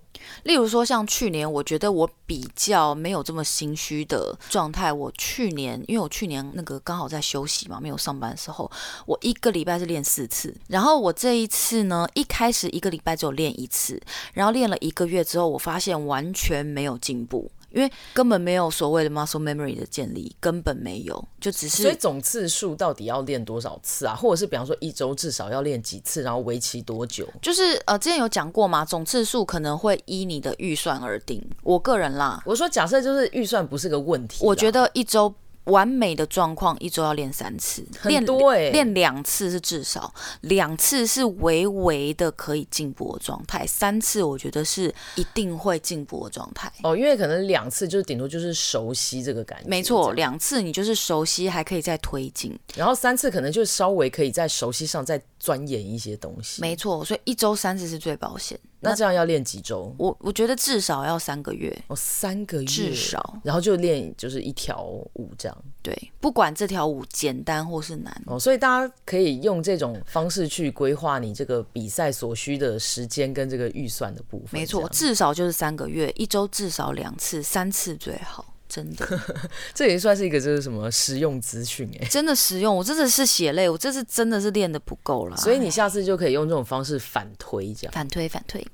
Speaker 1: 例如說，像去年，我覺得我比較沒有這麼心虛的狀態。我去年，因為我去年那個剛好在休息嘛，沒有上班的時候，我一個禮拜是練四次。然後我這一次呢，一開始一個禮拜只有練一次，然後練了一個月之後，我發現完全沒有進步。因為根本沒有所謂的 muscle memory 的建立，根本沒有，就只是。所以總次數到底要練多少次啊？或者是比方說一周至少要練幾次，然後為期多久？就是呃，之前有講過嘛，總次數可能會依你的預算而定。我個人啦，我說假設就是預算不是個問題，我覺得一周。完美的狀況一周要練三次，練多欸練兩次是至少兩次是微微的可以進步的狀態，三次我覺得是一定會進步的狀態。哦，因為可能兩次就是頂多就是熟悉這個感覺，沒錯，兩次你就是熟悉，還可以再推進，然後三次可能就稍微可以在熟悉上再鑽研一些東西，沒錯，所以一周三次是最保險。那這樣要練幾週？我我覺得至少要三個月。哦，三個月。至少，然後就練就是一條舞這樣。對，不管這條舞簡單或是難。哦，所以大家可以用這種方式去規劃你這個比賽所需的時間跟這個預算的部分。沒錯，至少就是三個月，一週至少兩次，三次最好。真的，呵呵，這也算是一個就是什麼實用資訊哎，真的實用，我真的是血淚，我這次真的是練得不夠了，所以你下次就可以用這種方式反推一下。哎，反推反推。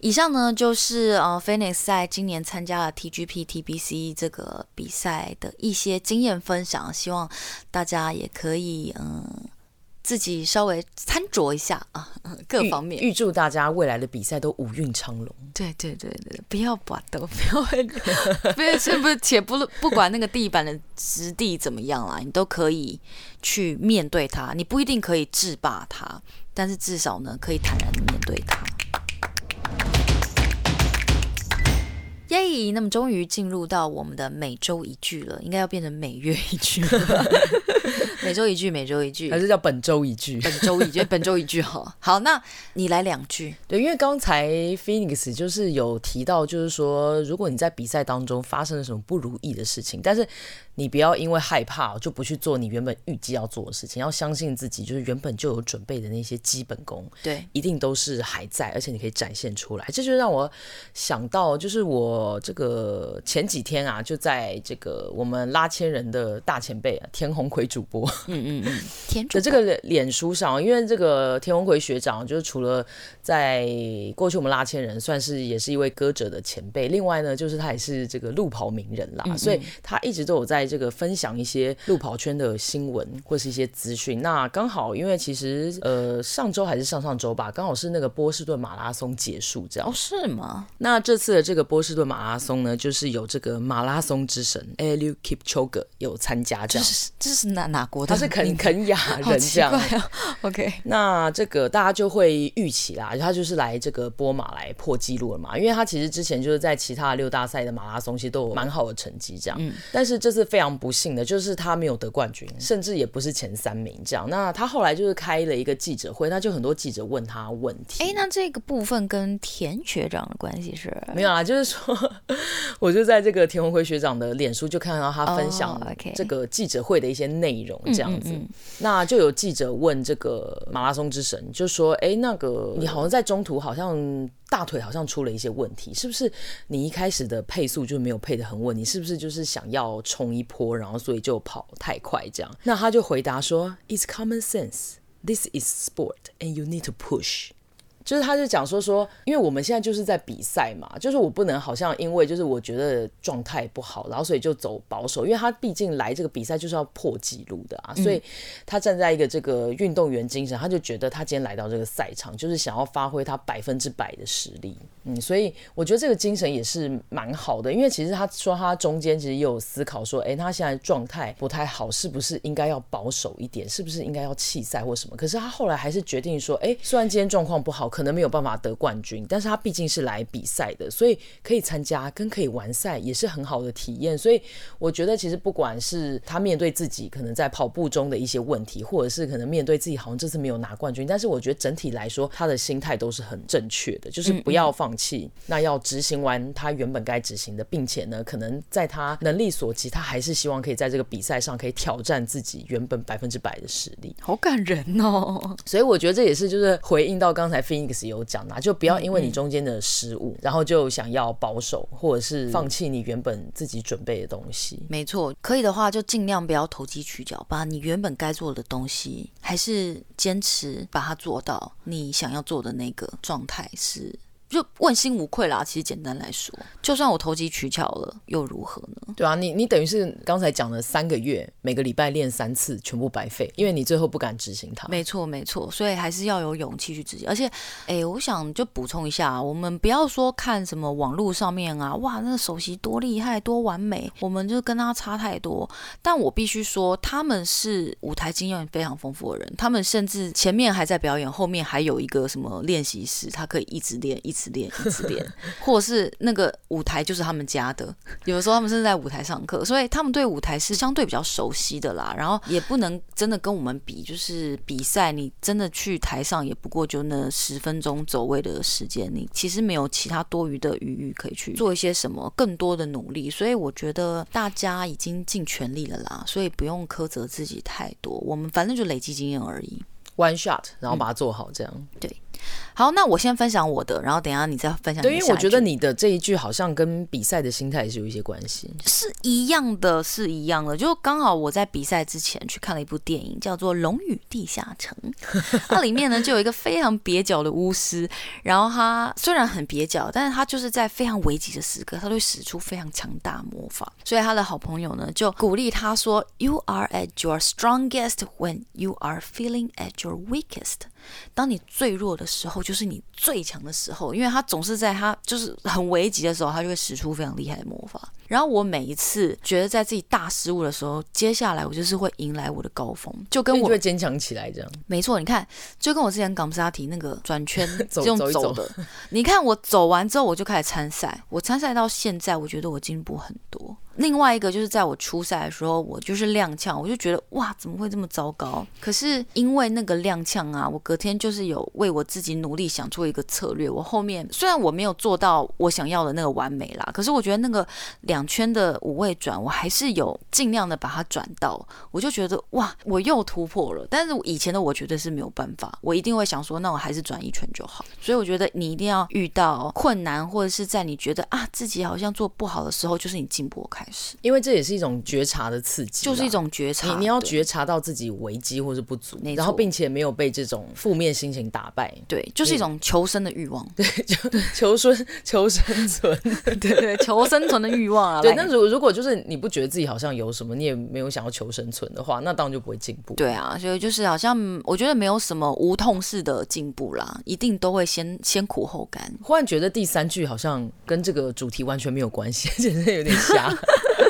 Speaker 1: 以上呢就是呃、uh，Phoenix 在今年參加了 TGP TBC 這個比賽的一些經驗分享，希望大家也可以嗯。自己稍微斟酌一下啊，各方面預，預祝大家未來的比賽都武運昌隆。對對對對，不要把都不要把刀，不是不是，且不不管那個地板的質地怎麼樣啦，你都可以去面對它。你不一定可以制霸它，但是至少呢，可以坦然的面對它。嘿，那麼終於進入到我們的每週一句了，應該要變成每月一句了。 每週一句，每週一句，還是叫本週一句？本週一句， 本週一句。一句好，好，那你來兩句。對，因為剛才 Phoenix 就是有提到，就是說，如果你在比賽當中發生了什麼不如意的事情，但是你不要因為害怕就不去做你原本預計要做的事情，要相信自己，就是原本就有準備的那些基本功，對，一定都是還在，而且你可以展現出來。這就讓我想到，就是我。這個前幾天啊，就在這個我們拉縴人的大前輩田鴻魁主播，嗯嗯嗯，田主播這個臉書上，因為這個田鴻魁學長，就是除了在過去我們拉縴人算是也是一位歌者的前輩，另外呢，就是他也是這個路跑名人啦，嗯嗯，所以他一直都有在這個分享一些路跑圈的新聞或是一些資訊。那剛好，因為其實呃上周還是上上周吧，剛好是那個波士頓馬拉松結束，這樣哦，是嗎？那這次的這個波士頓馬馬拉松呢，就是有這個馬拉松之神 Eliud Kipchoge 有參加這樣，這是這是哪哪國的？他是肯肯亞人這樣。哦、OK，那這個大家就會預期啦，他就是來這個波馬來破紀錄了嘛，因為他其實之前就是在其他六大賽的馬拉松其實都有蠻好的成績這樣。嗯。但是這次非常不幸的就是他沒有得冠軍，甚至也不是前三名這樣。那他後來就是開了一個記者會，那就很多記者問他問題。哎、欸，那這個部分跟田學長的關係是沒有啊，就是說。 我就在這個田鴻魁學長的臉書，就看到他分享這個記者會的一些內容，這樣子、oh,。Okay. 那就有記者問這個馬拉松之神，就說：“哎、欸，那個你好像在中途，好像大腿好像出了一些問題，是不是？你一開始的配速就沒有配得很穩，你是不是就是想要衝一波，然後所以就跑太快這樣？”那他就回答說：“It's common sense. This is sport, and you need to push.” 就是他，就講說說，因為我們現在就是在比賽嘛，就是我不能好像因為就是我覺得狀態不好，然後所以就走保守，因為他畢竟來這個比賽就是要破紀錄的啊，所以他站在一個這個運動員精神，他就覺得他今天來到這個賽場就是想要發揮他百分之百的實力。嗯，所以我覺得這個精神也是蠻好的，因為其實他說他中間其實也有思考說，哎、欸，他現在狀態不太好，是不是應該要保守一點，是不是應該要棄賽或什麼？可是他後來還是決定說，哎、欸，雖然今天狀況不好，可能沒有辦法得冠軍，但是他畢竟是來比賽的，所以可以參加跟可以完賽也是很好的體驗。所以我覺得其實不管是他面對自己可能在跑步中的一些問題，或者是可能面對自己好像這次沒有拿冠軍，但是我覺得整體來說他的心態都是很正確的，就是不要放。氣，那要執行完他原本該執行的，並且呢，可能在他能力所及，他還是希望可以在這個比賽上可以挑戰自己原本百分之百的實力。好感人哦！所以我覺得這也是就是回應到剛才 Phoenix 有講啊，就不要因為你中間的失誤、嗯，然後就想要保守、嗯、或者是放棄你原本自己準備的東西。沒錯，可以的話就盡量不要投機取巧，把你原本該做的東西，還是堅持把它做到你想要做的那個狀態是。就問心無愧啦。其實簡單來說，就算我投機取巧了，又如何呢？對啊，你你等於是剛才講了三個月，每個禮拜練三次，全部白費，因為你最後不敢執行它。沒錯沒錯，所以還是要有勇氣去執行。而且，哎、欸，我想就補充一下，我們不要說看什麼網絡上面啊，哇，那個首席多厲害多完美，我們就跟他差太多。但我必須說，他們是舞台經驗非常豐富的人，他們甚至前面還在表演，後面還有一個什麼練習室，他可以一直練一直。練 或者是那個舞台就是他們家的，有的時候他們是在舞台上課，所以他們對舞台是相對比較熟悉的啦。然後也不能真的跟我們比，就是比賽你真的去台上也不過就那十分鐘走位的時間，你其實沒有其他多餘的餘裕可以去做一些什麼更多的努力。所以我覺得大家已經盡全力了啦，所以不用苛責自己太多。我們反正就累積經驗而已，one shot，然後把它做好，這樣、嗯、對。好，那我先分享我的，然後等一下你再分享你的。對，因為我覺得你的這一句好像跟比賽的心態也是有一些關係，是一樣的，是一樣的。就剛好我在比賽之前去看了一部電影，叫做《龍與地下城》， 它裡面呢就有一個非常蹩腳的巫師，然後他雖然很蹩腳，但是他就是在非常危急的時刻，他會使出非常強大魔法。所以他的好朋友呢就鼓勵他說：“You are at your strongest when you are feeling at your weakest。”當你最弱的時候，就是你最強的時候，因為他總是在他就是很危急的時候，他就會使出非常厲害的魔法。然後我每一次覺得在自己大失誤的時候，接下來我就是會迎來我的高峰，就跟我就會堅強起來這樣。沒錯，你看，就跟我之前 Gamzatti 那個轉圈 走一走的， 你看我走完之後，我就開始參賽。我參賽到現在，我覺得我進步很多。另外一個就是在我初賽的時候，我就是踉蹌，我就覺得哇，怎麼會這麼糟糕？可是因為那個踉蹌啊，我隔天就是有為我自己努力，想出一個策略。我後面雖然我沒有做到我想要的那個完美啦，可是我覺得那個兩。圈的五位轉，我還是有盡量的把它轉到，我就覺得哇，我又突破了。但是以前的我絕對是沒有辦法，我一定會想說，那我還是轉一圈就好。所以我覺得你一定要遇到困難，或者是在你覺得啊自己好像做不好的時候，就是你進步開始。因為這也是一種覺察的刺激，嗯，就是一種覺察。你你要覺察到自己危機或是不足，然後並且沒有被這種負面心情打敗。對，就是一種求生的欲望。對，對求求生求生存， 對對，求生存的欲望。對，那如如果就是你不覺得自己好像有什麼，你也沒有想要求生存的話，那當然就不會進步。對啊，所以就是好像我覺得沒有什麼無痛式的進步啦，一定都會先先苦後甘。忽然覺得第三句好像跟這個主題完全沒有關係，簡直有點瞎。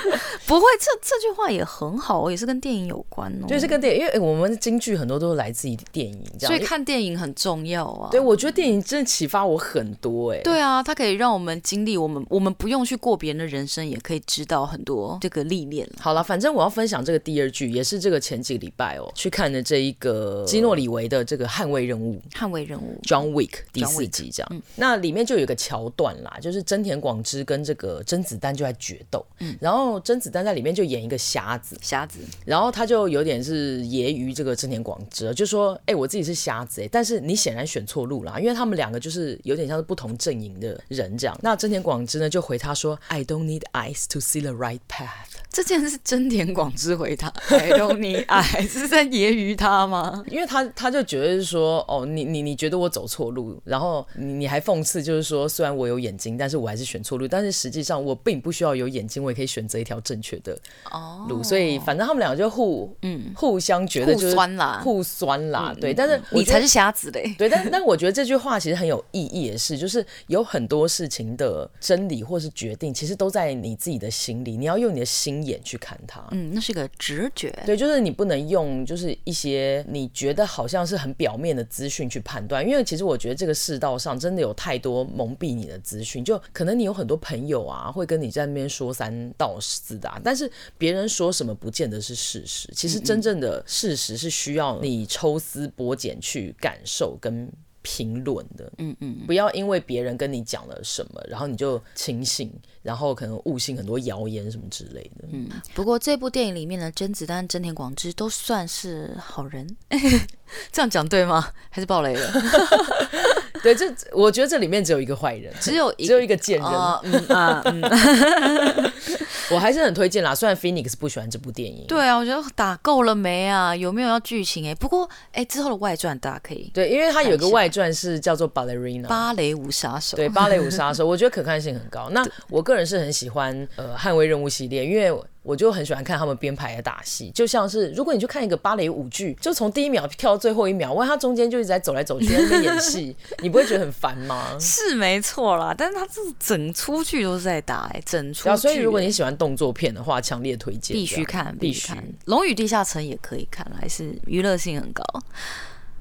Speaker 1: 不會，這這句話也很好，哦，也是跟電影有關哦。對、就是跟電影，因為、欸、我們金句很多都是來自於電影，這樣。所以看電影很重要啊。對，我覺得電影真的啟發我很多、欸，哎，對啊，它可以讓我們經歷我們，我們不用去過別人的人生，也可以知道很多這個歷練。好了，反正我要分享這個第二句，也是這個前幾個禮拜哦、喔、去看的這一個基諾里維的這個捍衛任務，捍衛任務，John Wick 第四集這樣、嗯。那裡面就有一個橋段啦，就是真田廣之跟這個甄子丹就在決鬥、嗯，然後甄子丹，但在裡面就演一個瞎子，瞎子，然後他就有點是揶揄這個真田廣之，就說：“哎、欸，我自己是瞎子、欸，哎，但是你顯然選錯路了，因為他們兩個就是有點像是不同陣營的人這樣。”那真田廣之呢就回他說：“I don't need eyes to see the right path。”這竟然是真田廣之回他：“I don't need eyes 是在揶揄他嗎？因為他他就覺得是說：哦，你你你覺得我走錯路，然後你，你還諷刺，就是說雖然我有眼睛，但是我還是選錯路，但是實際上我並不需要有眼睛，我也可以選擇一條正。”覺得哦，所以反正他們兩個就互嗯互相覺得就是互酸啦，嗯、互酸啦、嗯，對。但是你才是瞎子嘞，對。但但我覺得這句話其實很有意義的是，就是有很多事情的真理或是決定，其實都在你自己的心裡，你要用你的心眼去看它。嗯，那是一個直覺，對，就是你不能用就是一些你覺得好像是很表面的資訊去判斷，因為其實我覺得這個世道上真的有太多蒙蔽你的資訊，就可能你有很多朋友啊，會跟你在那邊說三道四的、啊。但是別人說什麼不見得是事實，其實真正的事實是需要你抽絲剝繭去感受跟評論的。嗯嗯，不要因為別人跟你講了什麼，然後你就輕信，然後可能誤信很多謠言什麼之類的。嗯，不過這部電影裡面的甄子丹、真田廣之都算是好人， 這樣講對嗎？還是暴雷了？ 對，這我覺得這裡面只有一個壞人，只有一 只有一個賤人。 呃、嗯啊，嗯。 我還是很推薦啦，雖然 Phoenix 不喜歡這部電影。對啊，我覺得打夠了沒啊？有沒有要劇情、欸、不過哎、欸，之後的外傳大家可以。對，因為它有一個外傳是叫做《Ballerina》芭蕾舞殺手。對，芭蕾舞殺手， 我覺得可看性很高。那我個人是很喜歡呃《捍衛任務》系列，因為。我就很喜歡看他們編排的打戲，就像是如果你去看一個芭蕾舞劇，就從第一秒跳到最後一秒，哇，他中間就一直在走來走去，直在演戲， 你不會覺得很煩嗎？ 是沒錯啦，但是他是整齣劇都是在打、欸，整齣劇、欸啊、所以如果你喜歡動作片的話，強烈推薦，必須看，必須看，《龍與地下城》也可以看，還是娛樂性很高。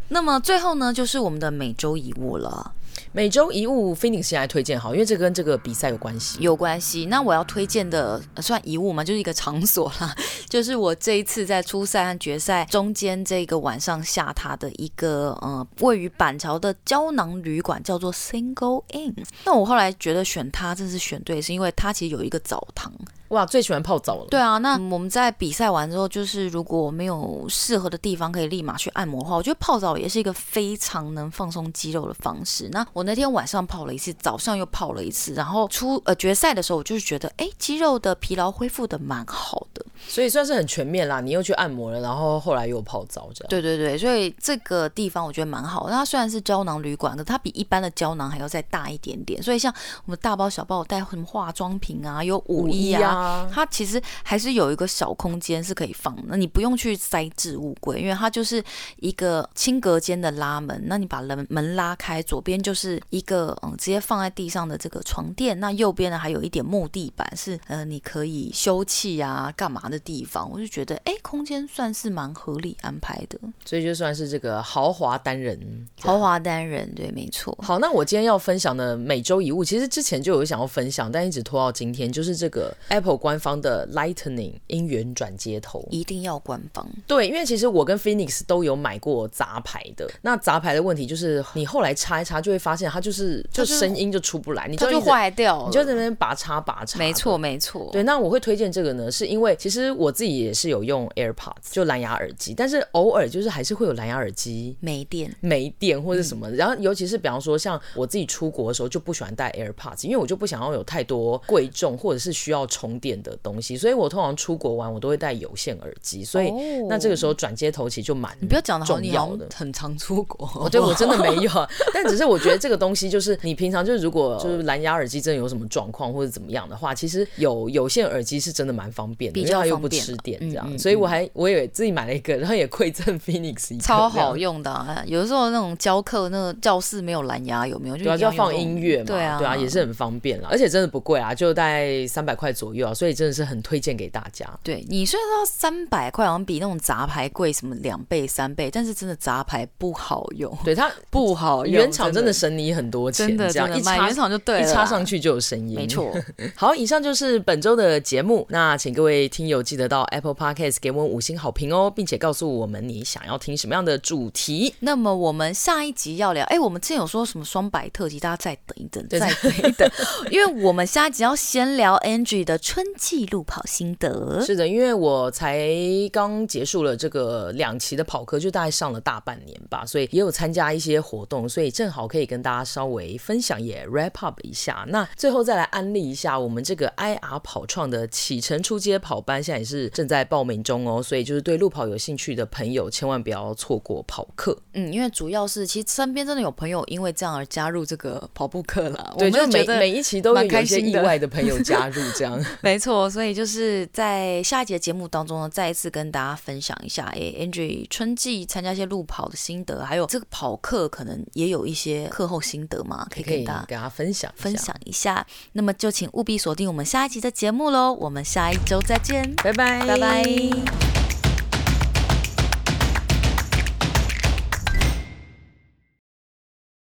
Speaker 1: 那麼最後呢，就是我們的每周一物了。每週一物，飛寧先來推薦好，因為這跟這個比賽有關係，有關係。那我要推薦的算遺物嗎？就是一個場所啦，就是我這一次在初賽和決賽中間這個晚上下榻的一個，嗯、呃，位於板橋的膠囊旅館叫做 Single Inn。那我後來覺得選它真是選對，是因為它其實有一個澡堂。哇，最喜歡泡澡了。對啊，那我們在比賽完之後，就是如果沒有適合的地方可以立馬去按摩的話，我覺得泡澡也是一個非常能放鬆肌肉的方式。那我那天晚上泡了一次，早上又泡了一次，然後出，呃，決賽的時候，我就是覺得誒，肌肉的疲勞恢復的蠻好的。所以算是很全面啦，你又去按摩了，然後後來又泡澡，這樣。對對對，所以這個地方我覺得蠻好。它雖然是膠囊旅館，可它比一般的膠囊還要再大一點點。所以像我們大包小包帶什麼化妝品啊，有舞衣啊，舞衣啊，它其實還是有一個小空間是可以放的。那你不用去塞置物櫃，因為它就是一個輕隔間的拉門。那你把門門拉開，左邊就是一個嗯直接放在地上的這個床墊，那右邊呢還有一點木地板是，是、呃、嗯你可以休憩啊幹嘛的的地方，我就覺得哎、欸，空間算是蠻合理安排的，所以就算是這個豪華單人，豪華單人，對，沒錯。好，那我今天要分享的每周一物，其實之前就有想要分享，但一直拖到今天，就是這個 Apple 官方的 Lightning 音源轉接頭，一定要官方。對，因為其實我跟 Phoenix 都有買過雜牌的，那雜牌的問題就是，你後來插一插就會發現，它就是就聲音就出不來，它就壞、是、掉，你就在那邊拔插拔插。沒錯，沒錯。對，那我會推薦這個呢，是因為其實。其實我自己也是有用 AirPods 就藍牙耳機，但是偶爾就是還是會有藍牙耳機沒電、沒電或者什麼、嗯。然後尤其是比方說像我自己出國的時候，就不喜歡戴 AirPods，因為我就不想要有太多貴重或者是需要充電的東西。所以我通常出國玩，我都會戴有線耳機、哦。所以那這個時候轉接頭其實就蠻重要的。你不要講的好像你很常出國哦。 對，我真的沒有，但只是我覺得這個東西就是你平常就是如果就是藍牙耳機真的有什麼狀況或者怎麼樣的話，其實有有線耳機是真的蠻方便的，比較又不吃電這樣、啊嗯嗯，所以我還我也自己買了一個，然後也饋贈 Phoenix 一個超好用的、啊。有的時候那種教課那個教室沒有藍牙有沒有？就要對、啊、就要放音樂嘛對、啊，對啊，也是很方便啊。而且真的不貴啊，就在三百塊左右啊，所以真的是很推薦給大家。對，你雖然說三百塊好像比那種雜牌貴什麼兩倍三倍，但是真的雜牌不好用，對它不好，原廠真的省你很多錢，真的真的真的這樣一插就對一插上去就有聲音，沒錯。 好，以上就是本周的節目，那請各位聽友，有記得到 Apple Podcast 給我們五星好評哦，並且告訴我們你想要聽什麼樣的主題。那麼我們下一集要聊，哎、欸，我們之前有說什麼雙百特輯，大家再等一等，對，再等一等， 因為我們下一集要先聊 Angie 的春季路跑心得。是的，因為我才剛結束了這個兩期的跑課，就大概上了大半年吧，所以也有參加一些活動，所以正好可以跟大家稍微分享也 wrap up 一下。那最後再來安利一下我們這個 IR 跑創的啟程初階跑班。現在也是正在報名中哦，所以就是對路跑有興趣的朋友，千萬不要錯過跑課。嗯，因為主要是其實身邊真的有朋友因為這樣而加入這個跑步課了。對，我們就覺得，就每每一期都會有一些意外的朋友加入這樣。 沒錯，所以就是在下一節節目當中，再一次跟大家分享一下。哎、欸，Andrew 春季參加一些路跑的心得，還有這個跑課可能也有一些課後心得嘛，可以跟大家分享分享一下。那麼就請務必鎖定我們下一期的節目嘍，我們下一周再見。拜拜，拜拜。